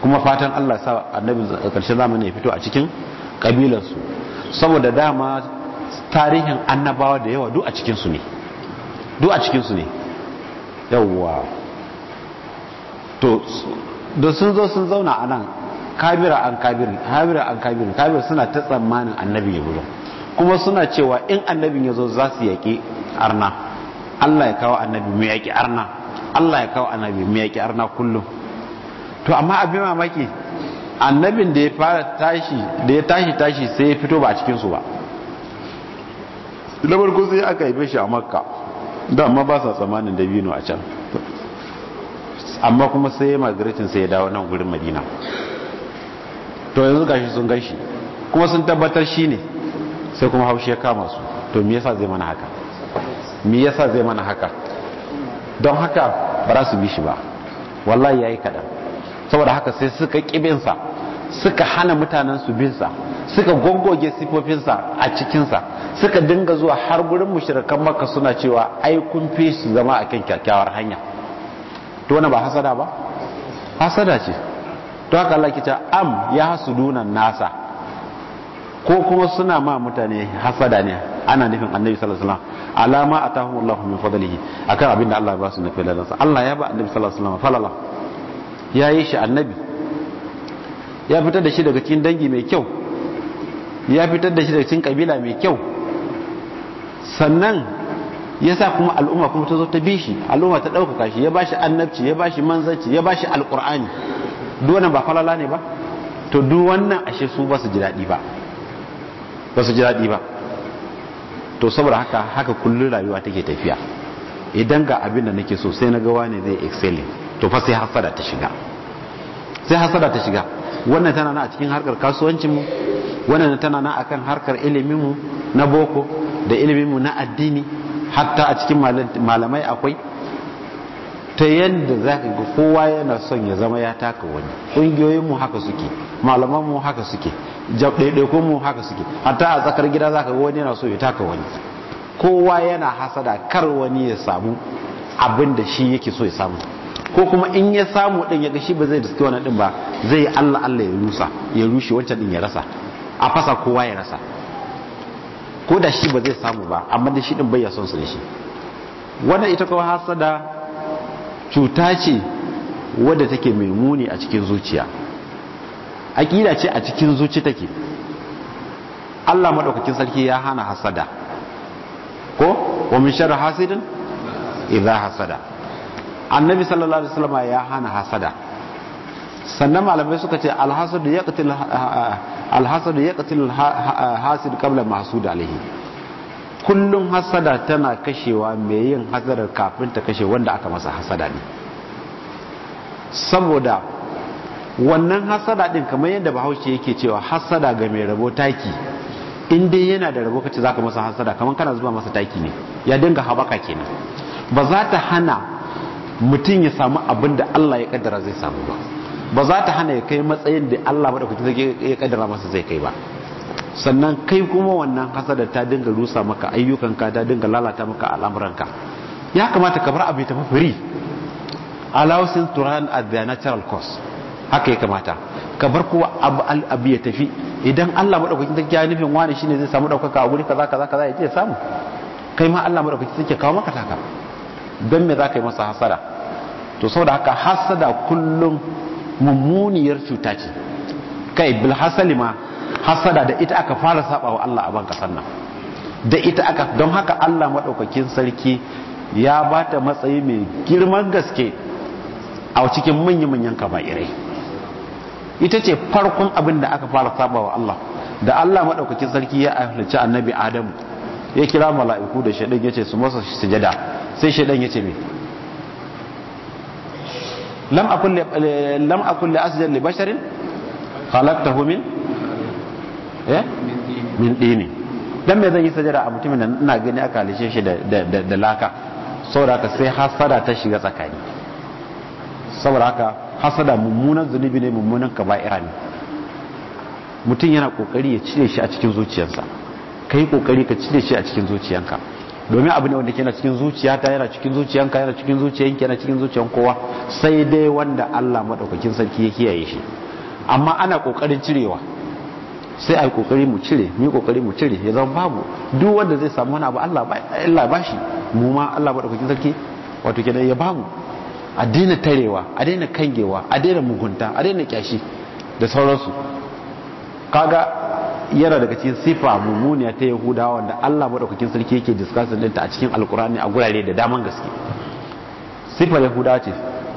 kuma fatan Allah sa annabin karshen zamanin ya fito a cikin kabilarsu saboda dama tarihin annabawa da yawa duk a cikinsu ne duk a cikinsu ne yawwa to da sun zo sun zauna a nan kabira an kabirin kabira an kabirin kabir suna ta tsammanin annabin ya buru kuma suna cewa in annabin ya zo za su yaƙi arna Allah ya kawo annabi mu yaki arna Allah ya kawo annabi mu yaki arna kullum to amma abin mamaki annabin da ya fara tashi da ya tashi tashi sai ya fito ba a cikin su ba labar ko sai aka haife shi a makka da amma ba sa tsamanin dabino a can amma kuma sai ya magaritin sai ya dawo nan gurin madina to yanzu gashi sun gashi kuma sun tabbatar shi ne sai kuma haushi ya kama su to me yasa zai mana haka me yasa zai mana haka don haka ba za su bi shi ba wallahi yayi kaɗan saboda haka sai suka kibinsa suka hana mutanen su binsa suka gongoge sifofinsa a cikinsa suka dinga zuwa har gurin mushrikan makka suna cewa ai kun fi su zama a kan kyakkyawar hanya to wannan ba hasada ba hasada ce to haka Allah kita am ya hasuduna nasa ko kuma suna ma mutane hasada ne ana nufin annabi sallallahu alaihi wasallam alama atahum Allah min fadlihi akan abin da Allah ya ba su na falalan sa Allah ya ba annabi sallallahu alaihi wasallam falala ya yi shi annabi ya fitar da shi daga cikin dangi mai kyau ya fitar da shi daga cikin kabila mai kyau sannan ya sa kuma al'umma kuma ta zo ta bi shi al'umma ta ɗaukaka shi ya ba shi annabci ya ba shi manzanci ya ba shi alƙur'ani duk wannan ba falala ne ba to duk wannan ashe su ba su ji daɗi ba ba su ji daɗi ba to saboda haka haka kullun rayuwa take tafiya idan ga abin da nake so sai na ga wane zai excelling to fa sai hasada ta shiga sai hasada ta shiga wannan tana na a cikin harkar kasuwancin mu wannan tana na akan harkar ilimin mu na boko da ilimin mu na addini hatta a cikin malamai akwai ta yadda za ka ga kowa yana son ya zama ya taka wani ƙungiyoyinmu haka suke malamanmu haka suke mu haka suke hatta a tsakar gida za ka ga wani yana so ya taka wani kowa yana hasada kar wani ya samu abin da shi yake so ya samu ko kuma in ya samu ɗin ya gashi ba zai suke wani ɗin ba zai yi allah allah ya rusa ya rushe wancan ɗin ya rasa a fasa kowa ya rasa ko da shi ba zai samu ba amma da shi ɗin bai ya son su da shi wannan ita kawai hasada cuta ce wadda take mai muni a cikin zuciya aƙida ce a cikin zuci take Allah maɗaukakin sarki ya hana hasada ko wa min sharri hasidin iza hasada annabi sallallahu alaihi wasallam ya hana hasada sannan malamai suka ce alhasadu ya alhasadu yaqtil hasid qabla masu dalihi. kullum hasada tana kashewa mai yin hasadar kafin ta kashe wanda aka masa hasada ne saboda wannan hasada din kamar yadda bahaushe yake cewa hasada ga mai rabo taki in dai yana da rabo kace zaka masa hasada kamar kana zuba masa taki ne ya dinga habaka kenan ba za ta hana mutum ya samu abin da Allah ya kaddara zai samu ba ba za ta hana ya kai matsayin da Allah madaukakin zai ya kaddara masa zai kai ba sannan kai kuma wannan hasada ta dinga rusa maka ayyukanka ta dinga lalata maka al'amuranka ya kamata ka bar abu ta mafiri allowing to run at their natural course haka ya kamata ka bar kuwa abu ya tafi idan Allah madaukakin take ya nufin wani shine zai samu daukaka a guri kaza kaza kaza ya ce samu kai ma Allah madaukakin take kawo maka taka don me za ka yi masa hasada to saboda haka hasada kullum mummuniyar cuta ce kai bil hasali ma hasada da ita aka fara saba wa Allah a banka kasar da ita aka don haka Allah madaukakin sarki ya ba ta matsayi mai girman gaske a cikin manyan manyan kaba'irai ita ce farkon abin da aka fara saba wa Allah da Allah madaukakin sarki ya halicci annabi Adamu ya kira mala'iku da shaidan yace su masa sujada sai shaidan yace me lam lam li asjad basharin khalaqtahu min Eh? min dini dan me zan yi sajada a mutumin da ina gani aka halice shi da laka saboda haka sai hasada ta shiga tsakani saboda haka hasada mummunan zunubi ne mummunan kaba'ira ne mutum yana kokari ya cire shi a cikin zuciyarsa kai kokari ka cire shi a cikin zuciyanka domin abu ne wanda ke na cikin ta yana cikin zuciyanka yana cikin zuciyanki yana cikin zuciyan kowa sai dai wanda Allah madaukakin sarki ya kiyaye shi amma ana kokarin cirewa sai a kokari mu cire mu kokari mu cire ya zama babu duk wanda zai samu wani abu Allah ba shi mu ma Allah madaukakin sarki wato kenan ya bamu a daina tarewa a daina kangewa a daina mugunta a daina kyashi da sauransu kaga yana daga cikin sifa mummuniya ta yahudawa wanda Allah madaukakin sarki yake discussing ta a cikin alkurani a gurare da daman gaske Sifa yahudawa ce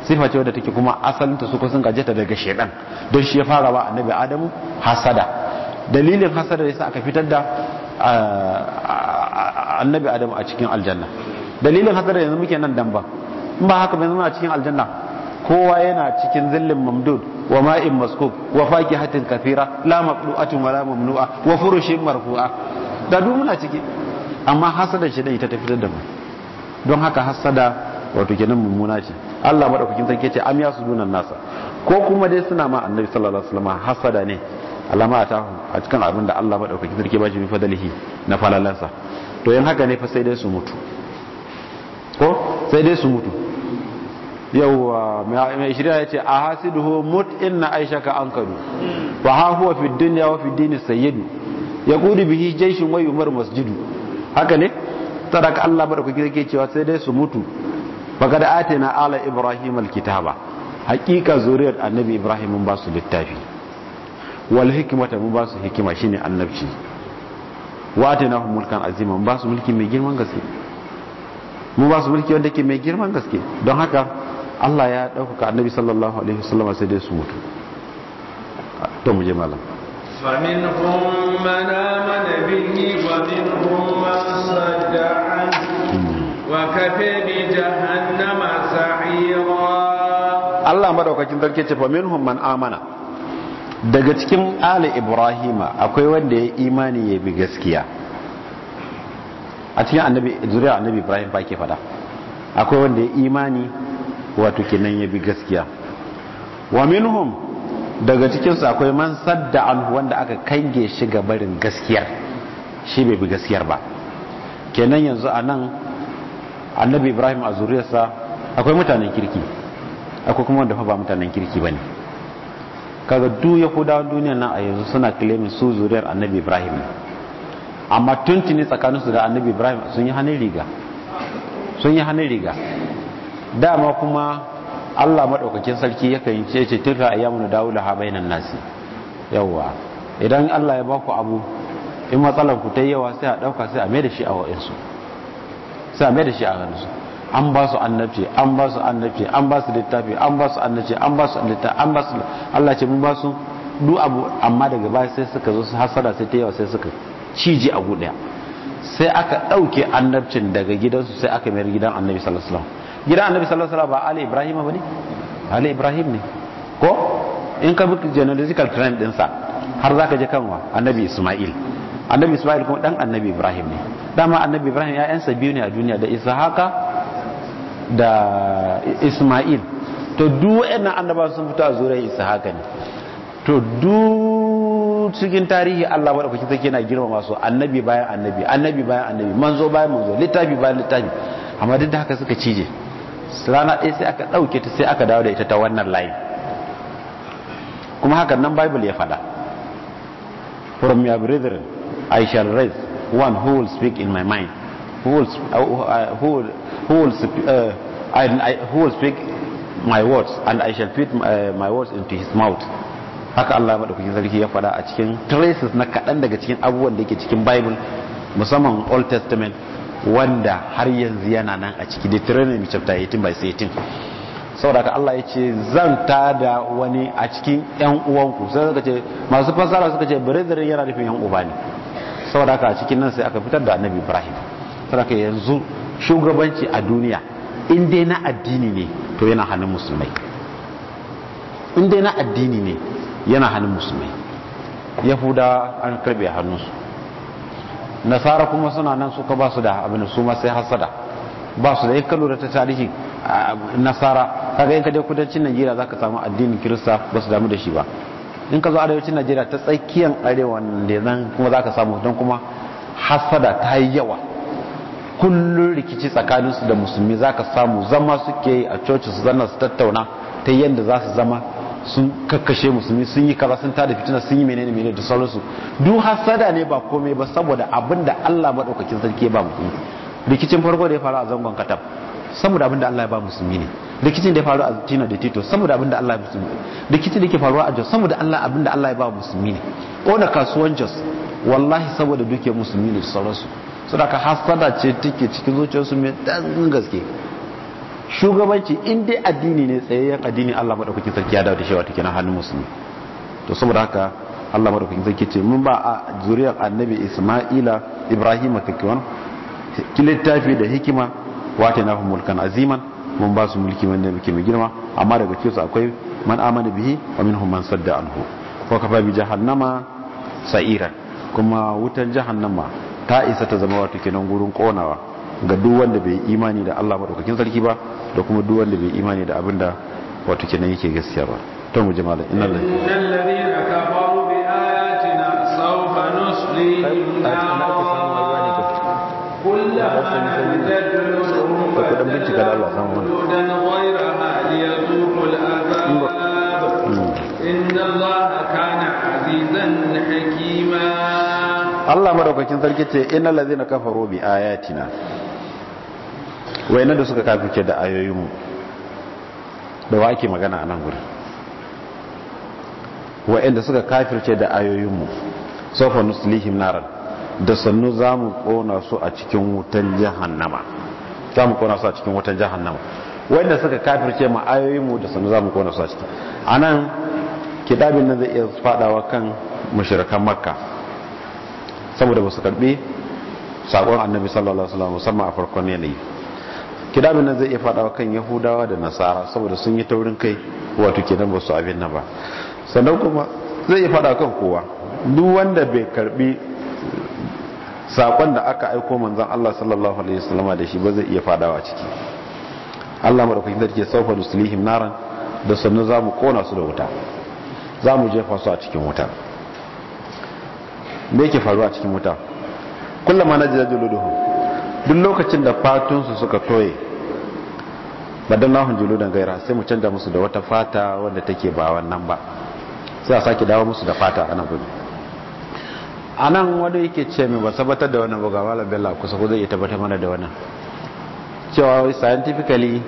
sifa ce wadda take kuma asalinta su sun gajeta daga shedan don shi ya fara ba annabi adamu hasada dalilin hasar da yasa aka fitar da annabi adam a cikin aljanna dalilin hasar da yanzu muke nan dan ba in ba haka yanzu muna cikin aljanna kowa yana cikin zillin mamdud wa ma'in maskub wa hatin kafira la maqdu'atun wa la mamnu'a wa furushin marfu'a da duk muna ciki amma hasada shi da ita ta fitar da mu don haka hasada wato kenan mummuna ce Allah madaukakin sarki ce am yasuduna nasa ko kuma dai suna ma annabi sallallahu alaihi wasallam hasada ne alama ta a cikin abin da Allah madaukaki sarki ba shi min fadalihi na falalansa to yan haka ne fa sai dai su mutu ko sai dai su mutu yawwa mai shirya ya ce a hasiduhu mut inna aisha ka an kadu fa ha huwa fi dunya wa fi dini sayyidu ya kudu bihi jaishin wa yumar masjidu haka ne sadaka Allah madaukaki ke cewa sai dai su mutu faqad atina ala ibrahim alkitaba hakika zuriyar annabi ibrahim ba su littafi wal hikmata mun ba su hikima shine annabci wa atainahum mulkan azima mun ba su mulki mai girman gaske mun ba su mulki wanda ke mai girman gaske don haka Allah ya dauka annabi sallallahu alaihi wasallam sai dai su mutu to mu je malam فمنهم من آمن به ومنهم من صد عنه وكفى بجهنم سعيرا الله مدوكاكين ce تفا منهم من آمن daga cikin ali ibrahima akwai wanda ya imani ya bi gaskiya a cikin annabi zuriya annabi ibrahim ba ke fada akwai wanda ya imani wato kenan ya bi gaskiya wa minhum daga cikinsu akwai man sadda an wanda aka kange shi ga barin gaskiyar shi bai bi gaskiyar ba kenan yanzu a nan annabi ibrahim a zuriyarsa akwai mutanen kirki akwai kuma wanda fa ba mutanen kirki ba ne kaga duk yahudawan duniya nan a yanzu suna kilemin su zuriyar annabi ibrahim amma tuntuni tsakaninsu da annabi ibrahim sun yi hannun riga sun yi hannun riga dama kuma allah maɗaukakin sarki yakan yi ce ce tafiya a yamunu dawo da habainan nasi yawwa idan allah ya baku abu in matsalar ku ta yawa sai a ɗauka sai a mai shi a wa'insu sai a mai da shi a wa'insu an ba su annabci an ba su annabci an ba su littafi an ba su annabci an ba su littafi an ba su Allah ce mun ba su du abu amma daga baya sai suka zo su hasara sai ta yawa sai suka ciji a gudaya sai aka dauke annabcin daga gidansu sai aka mayar gidan annabi sallallahu alaihi wasallam gidan annabi sallallahu alaihi wasallam ba ali ibrahim bane ali ibrahim ne ko in ka buki genealogical trend din sa har zaka je kanwa annabi isma'il annabi isma'il kuma dan annabi ibrahim ne dama annabi ibrahim ya'yansa biyu ne a duniya da ishaqa da isma'il to duk waɗannan annaba sun fito a zuriyar ishaqa ne to duk cikin tarihi Allah madaukaki take na girmama su annabi bayan annabi annabi bayan annabi manzo bayan manzo littafi bayan littafi amma duk da haka suka cije rana ɗaya sai aka ɗauke ta sai aka dawo da ita ta wannan layin kuma haka nan bible ya faɗa from your brethren i shall raise one who will speak in my mind who will, uh, uh, who will, uh, and I, who will speak my words and I shall put my, uh, my words into his mouth haka Allah ya madaukakin sarki ya faɗa a cikin traces na kaɗan daga cikin abubuwan da yake cikin Bible musamman Old Testament wanda har yanzu yana nan a ciki Deuteronomy chapter 18 by 18 saboda ka Allah ya ce zan tada wani a cikin yan uwanku sai suka ce masu fasara suka ce brethren yana nufin yan uba ne saboda haka a cikin nan sai aka fitar da Annabi Ibrahim saraka yanzu shugabanci a duniya in dai na addini ne to yana hannun musulmai in dai na addini ne yana hannun musulmai yahuda an karbe hannunsu nasara kuma suna nan suka ba su da abin su ma sai hasada ba su da in da ta tarihi nasara kaga in ka je kudancin najeriya za ka samu addinin kirista ba su damu da shi ba in ka zo arewacin najeriya ta tsakiyan arewa da zan kuma za ka samu don kuma hasada ta yi yawa kullun rikici tsakaninsu da musulmi zaka samu zama suke a coci su zanna su tattauna ta yadda za su zama sun kakkashe musulmi sun yi kaza sun tada fitina sun yi menene menene da sauransu duk hasada ne ba komai ba saboda abin da Allah madaukakin sarki ya ba musulmi rikicin farko da ya faru a zangon katab saboda abin da Allah ya ba musulmi ne rikicin da ya faru a Tina da Tito saboda abin da Allah ya ba musulmi rikicin da ke faruwa a Jos saboda Allah abin da Allah ya ba musulmi ne ona kasuwan Jos wallahi saboda duke musulmi ne da sauransu suna ka hasada ce take cikin zuciyarsu mai ɗan gaske shugabanci in dai addini ne tsayayyen addini Allah madaukakin sarki ya dawo da shewa take na hannun musulmi to saboda haka Allah madaukakin sarki ce mun ba a zuriyar annabi Isma'ila Ibrahim kakkiwan littafi da hikima wata na mulkan aziman mun ba su mulki wanda muke mai girma amma daga cikin su akwai man amana bihi wa minhum man sadda anhu ko kafa bi jahannama sa'iran kuma wutan jahannama ta isa ta zama wato kenan gurin konawa ga duk wanda bai imani da Allah madaukakin sarki ba da kuma duk wanda bai imani da abinda wato kenan yake gaskiya ba to mu jama'a innal ladina kafaru bi ayatina sawfa nuslihim kullama nadallu ko dan bincika da Allah san wannan dan ghayraha liyadhuqul azab hmm. inna Allah kana azizan hakima Allah madaukakin sarki ce innal ladzina kafaru bi ayatina wayannan da suka kafirce da ayoyinmu da wa ake magana a nan gurin wayanda suka kafirce da ayoyinmu sofa nuslihim naran da sannu zamu kona su a cikin wutan jahannama zamu kona su a cikin wutan jahannama wayanda suka kafirce mu ayoyinmu da sannu zamu kona su a cikin anan kitabin nan zai iya fadawa kan mushrikan makka saboda ba su karbe sakon annabi sallallahu alaihi wasallam musamman a farkon yanayi kidamin nan zai iya fadawa kan yahudawa da nasara saboda sun yi taurin kai wato kenan ba su abin nan ba sannan kuma zai iya fada kan kowa duk wanda bai karbi sakon da aka aiko manzon Allah sallallahu alaihi wasallam da shi ba zai iya fadawa ciki Allah madaukakin sarki saufa nuslihim naran da sannan zamu kona su da wuta zamu jefa su a cikin wuta me yake a cikin wuta kullama na duhu duk lokacin da fatunsu suka toye badallahun juludan gaira sai mu canja musu da wata fata wanda take ba wannan ba sai a sake dawo musu da fata ana gudu a nan wani yake ce mai ba sabatar da wannan bugawa labella kusa ko zai iya tabbatar mana da wannan cewa scientifically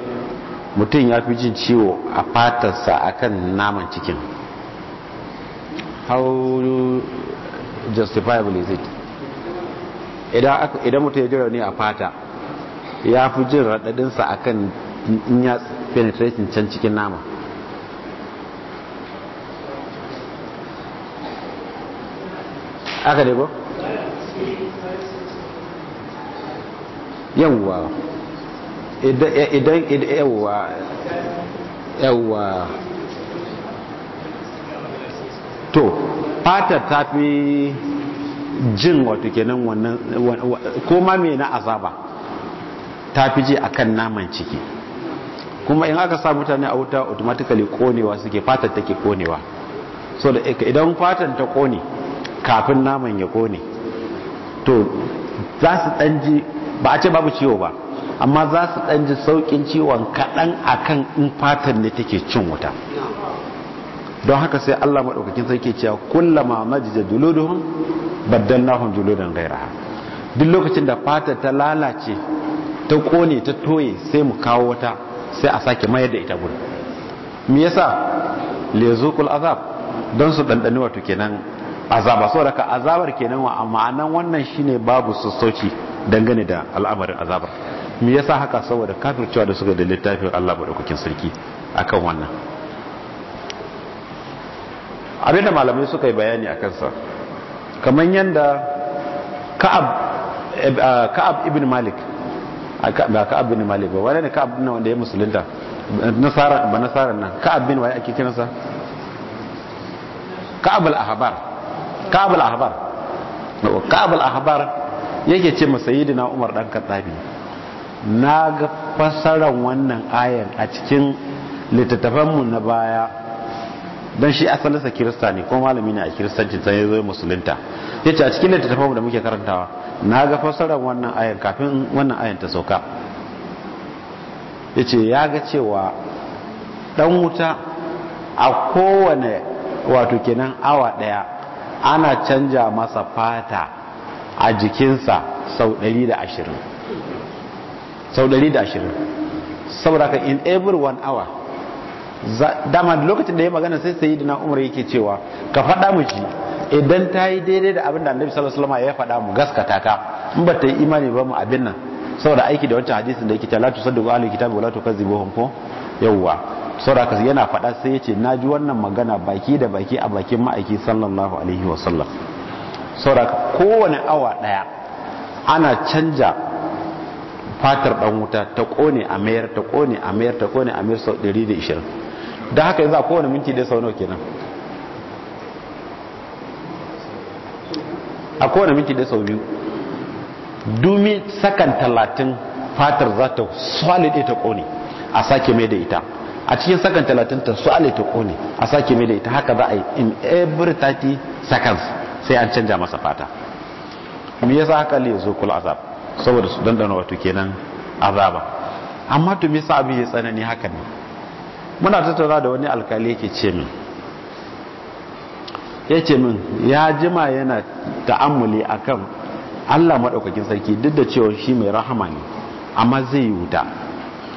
mutum ya fi jin ciwo a fatarsa akan naman cikin how justifiable is it idan mutum ya ji rauni a fata ya fi jin raɗaɗinsa a kan in ya penetrating can cikin nama aka dego yawwa idan yawwa yawwa to fatar ta fi jin wato kenan wannan koma mai na azaba ta fi ji a kan naman ciki kuma in aka sa mutane a wuta automatically konewa suke fatar take konewa so da idan fatar ta kone kafin naman ya kone to za su dan ba a ce babu ciwo ba amma za su dan ji saukin ciwon kaɗan akan in fatar ne take cin wuta don haka sai Allah maɗaukakin sarki cewa kullama majja juluduhum baddalnahum juludan ghayraha duk lokacin da fata ta lalace ta kone ta toye sai mu kawo wata sai a sake mayar da ita gudu me yasa lizuqul azab don su dandani wato kenan azaba saboda ka azabar kenan wa ma'anan wannan shine babu sassauci dangane da al'amarin azabar me yasa haka saboda kafircewa da suka da littafin Allah madaukakin sarki akan wannan abinda malamai suka yi bayani a kansa kamar yadda ka'ab eh, ibn malik ba ka'ab ibn malik ba wani ne ka'ab din wanda ya musulunta nasara ba nasara nan ka'ab bin waye ake kinsa ka'ab al ahabar ka'ab al ahabar ka'ab al yake ce masa na umar dan Katsabi na ga fasarar wannan ayan a cikin littattafanmu na baya dan shi asalinsa kirista ne ko malami ne a kiristanci sai ya zo musulunta yace a cikin littattafan da muke karantawa na ga fassarar wannan ayan kafin wannan ayan ta sauka yace ya ga cewa dan wuta a kowane wato kenan awa daya ana canja masa fata a jikinsa sau 120 sau 120 saboda ka in every one hour dama lokacin da ya magana sai sai na umar yake cewa ka faɗa mu ji idan ta yi daidai da abin da annabi sallallahu alaihi ya faɗa mu gaskata ka in ba ta yi imani ba mu abin nan saboda aiki da wancan hadisin da yake ta la tusaddiqu ahlul kitabi wa la hum ko yawwa saboda ka yana faɗa sai ya ce na ji wannan magana baki da baki a bakin ma'aiki sallallahu alaihi wa sallam saboda kowane awa daya ana canja fatar dan wuta ta kone a mayar ta kone a mayar ta kone a mayar sau 120 da haka yanzu a kowane minti dai sau nawa kenan a kowane minti dai sau biyu dumi sakan talatin fatar za ta swalide ta kone a sake mai da ita a cikin sakan talatin ta swalide ta kone a sake mai da ita haka za a yi in every 30 seconds sai an canja masa fata me yasa haka li zo kula azab saboda su dandana wato kenan azaba amma to me yasa abin ya tsanani haka ne muna tattauna da wani alkali yake ce min ya ce min ya jima yana a kan Allah maɗaukakin sarki duk da cewa shi mai rahama ne amma zai yi wuta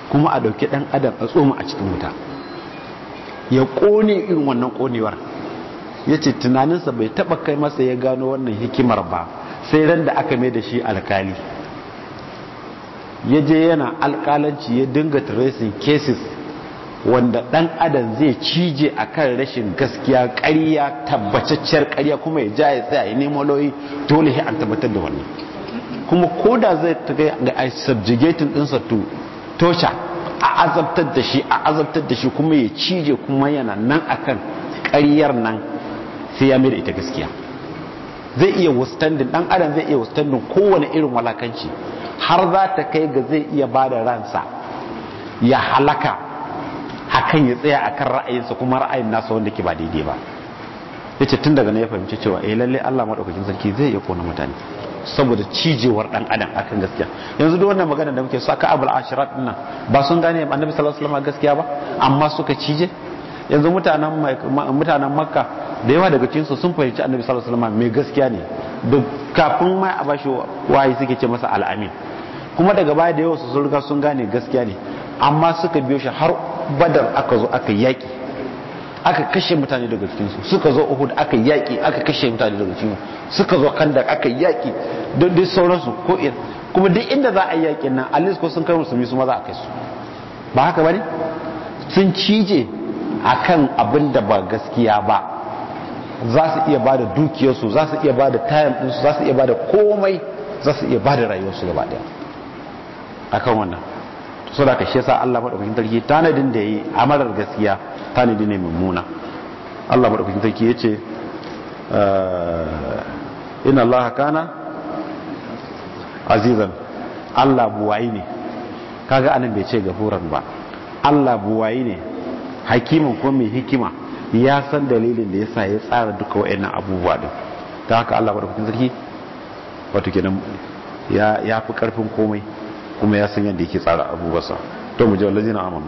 kuma a ɗauki ɗan adam a tsoma a cikin wuta ya ƙone irin wannan ƙonewar ya ce tunaninsa bai taɓa kai masa ya gano wannan hikimar ba sai ran da aka mai da shi alkali ya je yana alkalanci ya dinga tracing cases wanda dan adam zai cije a kan rashin gaskiya karya tabbatacciyar karya kuma ya ja ya tsaya ya nemo lauyi dole sai an tabbatar da wannan kuma ko da zai tafi ga a subjugating ɗinsa to tosha a azabtar da shi a azabtar da shi kuma ya cije kuma yana nan akan ƙaryar nan sai ya mai ita gaskiya zai iya wastandin dan adam zai iya wastandin kowane irin walakanci har za ta kai ga zai iya ba da ransa ya halaka akan ya tsaya akan ra'ayinsa kuma ra'ayin nasa wanda ke ba daidai ba yace tun daga nan ya fahimci cewa eh lalle Allah madaukakin sarki zai iya kona mutane saboda cijewar dan adam akan gaskiya yanzu duk wannan magana da muke so aka abul ashirat dinnan ba sun gane annabi sallallahu alaihi wasallam gaskiya ba amma suka cije yanzu mutanen mutanen makka da yawa daga su sun fahimci annabi sallallahu alaihi wasallam mai gaskiya ne Duk kafin ma a bashi wahayi suke ce masa al'amin kuma daga baya da yawa su sun riga sun gane gaskiya ne amma suka biyo shi har badar aka zo aka yaƙi aka kashe mutane daga cikinsu suka zo uhud aka yaƙi aka kashe mutane daga cikinsu suka zo kandar aka yaƙi don dai sauransu ko in kuma duk inda za a yi nan alis ko sun kai musulmi su ma za a kai su ba haka bane sun cije akan abin da ba gaskiya ba za su iya bada dukiyarsu za su iya bada tayan su za su iya bada komai za su iya bada rayuwarsu gaba ɗaya akan wannan so da ka shi yasa Allah madaukakin sarki tanadin da yayi a marar gaskiya tanadi ne mummuna Allah madaukakin sarki yace eh, inna Allah kana azizan Allah buwayi ne kaga anan bai ce gafuran ba Allah buwayi ne hakimin ko mai hikima ya san dalilin da yasa ya tsara duka wayannan abubuwa din ta haka Allah madaukakin sarki wato kenan ya ya fi karfin komai kuma ya san yadda yake tsara abubuwarsa to mu je wallazi na amanu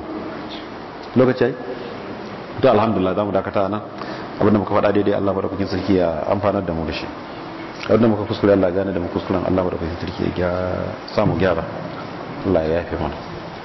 lokaci to alhamdulillah zamu dakata nan abinda muka faɗa daidai Allah madaukakin sarki ya amfanar da mu da shi abinda muka kuskure Allah gane da mu kuskuren Allah madaukakin sarki ya samu gyara Allah ya yafe mana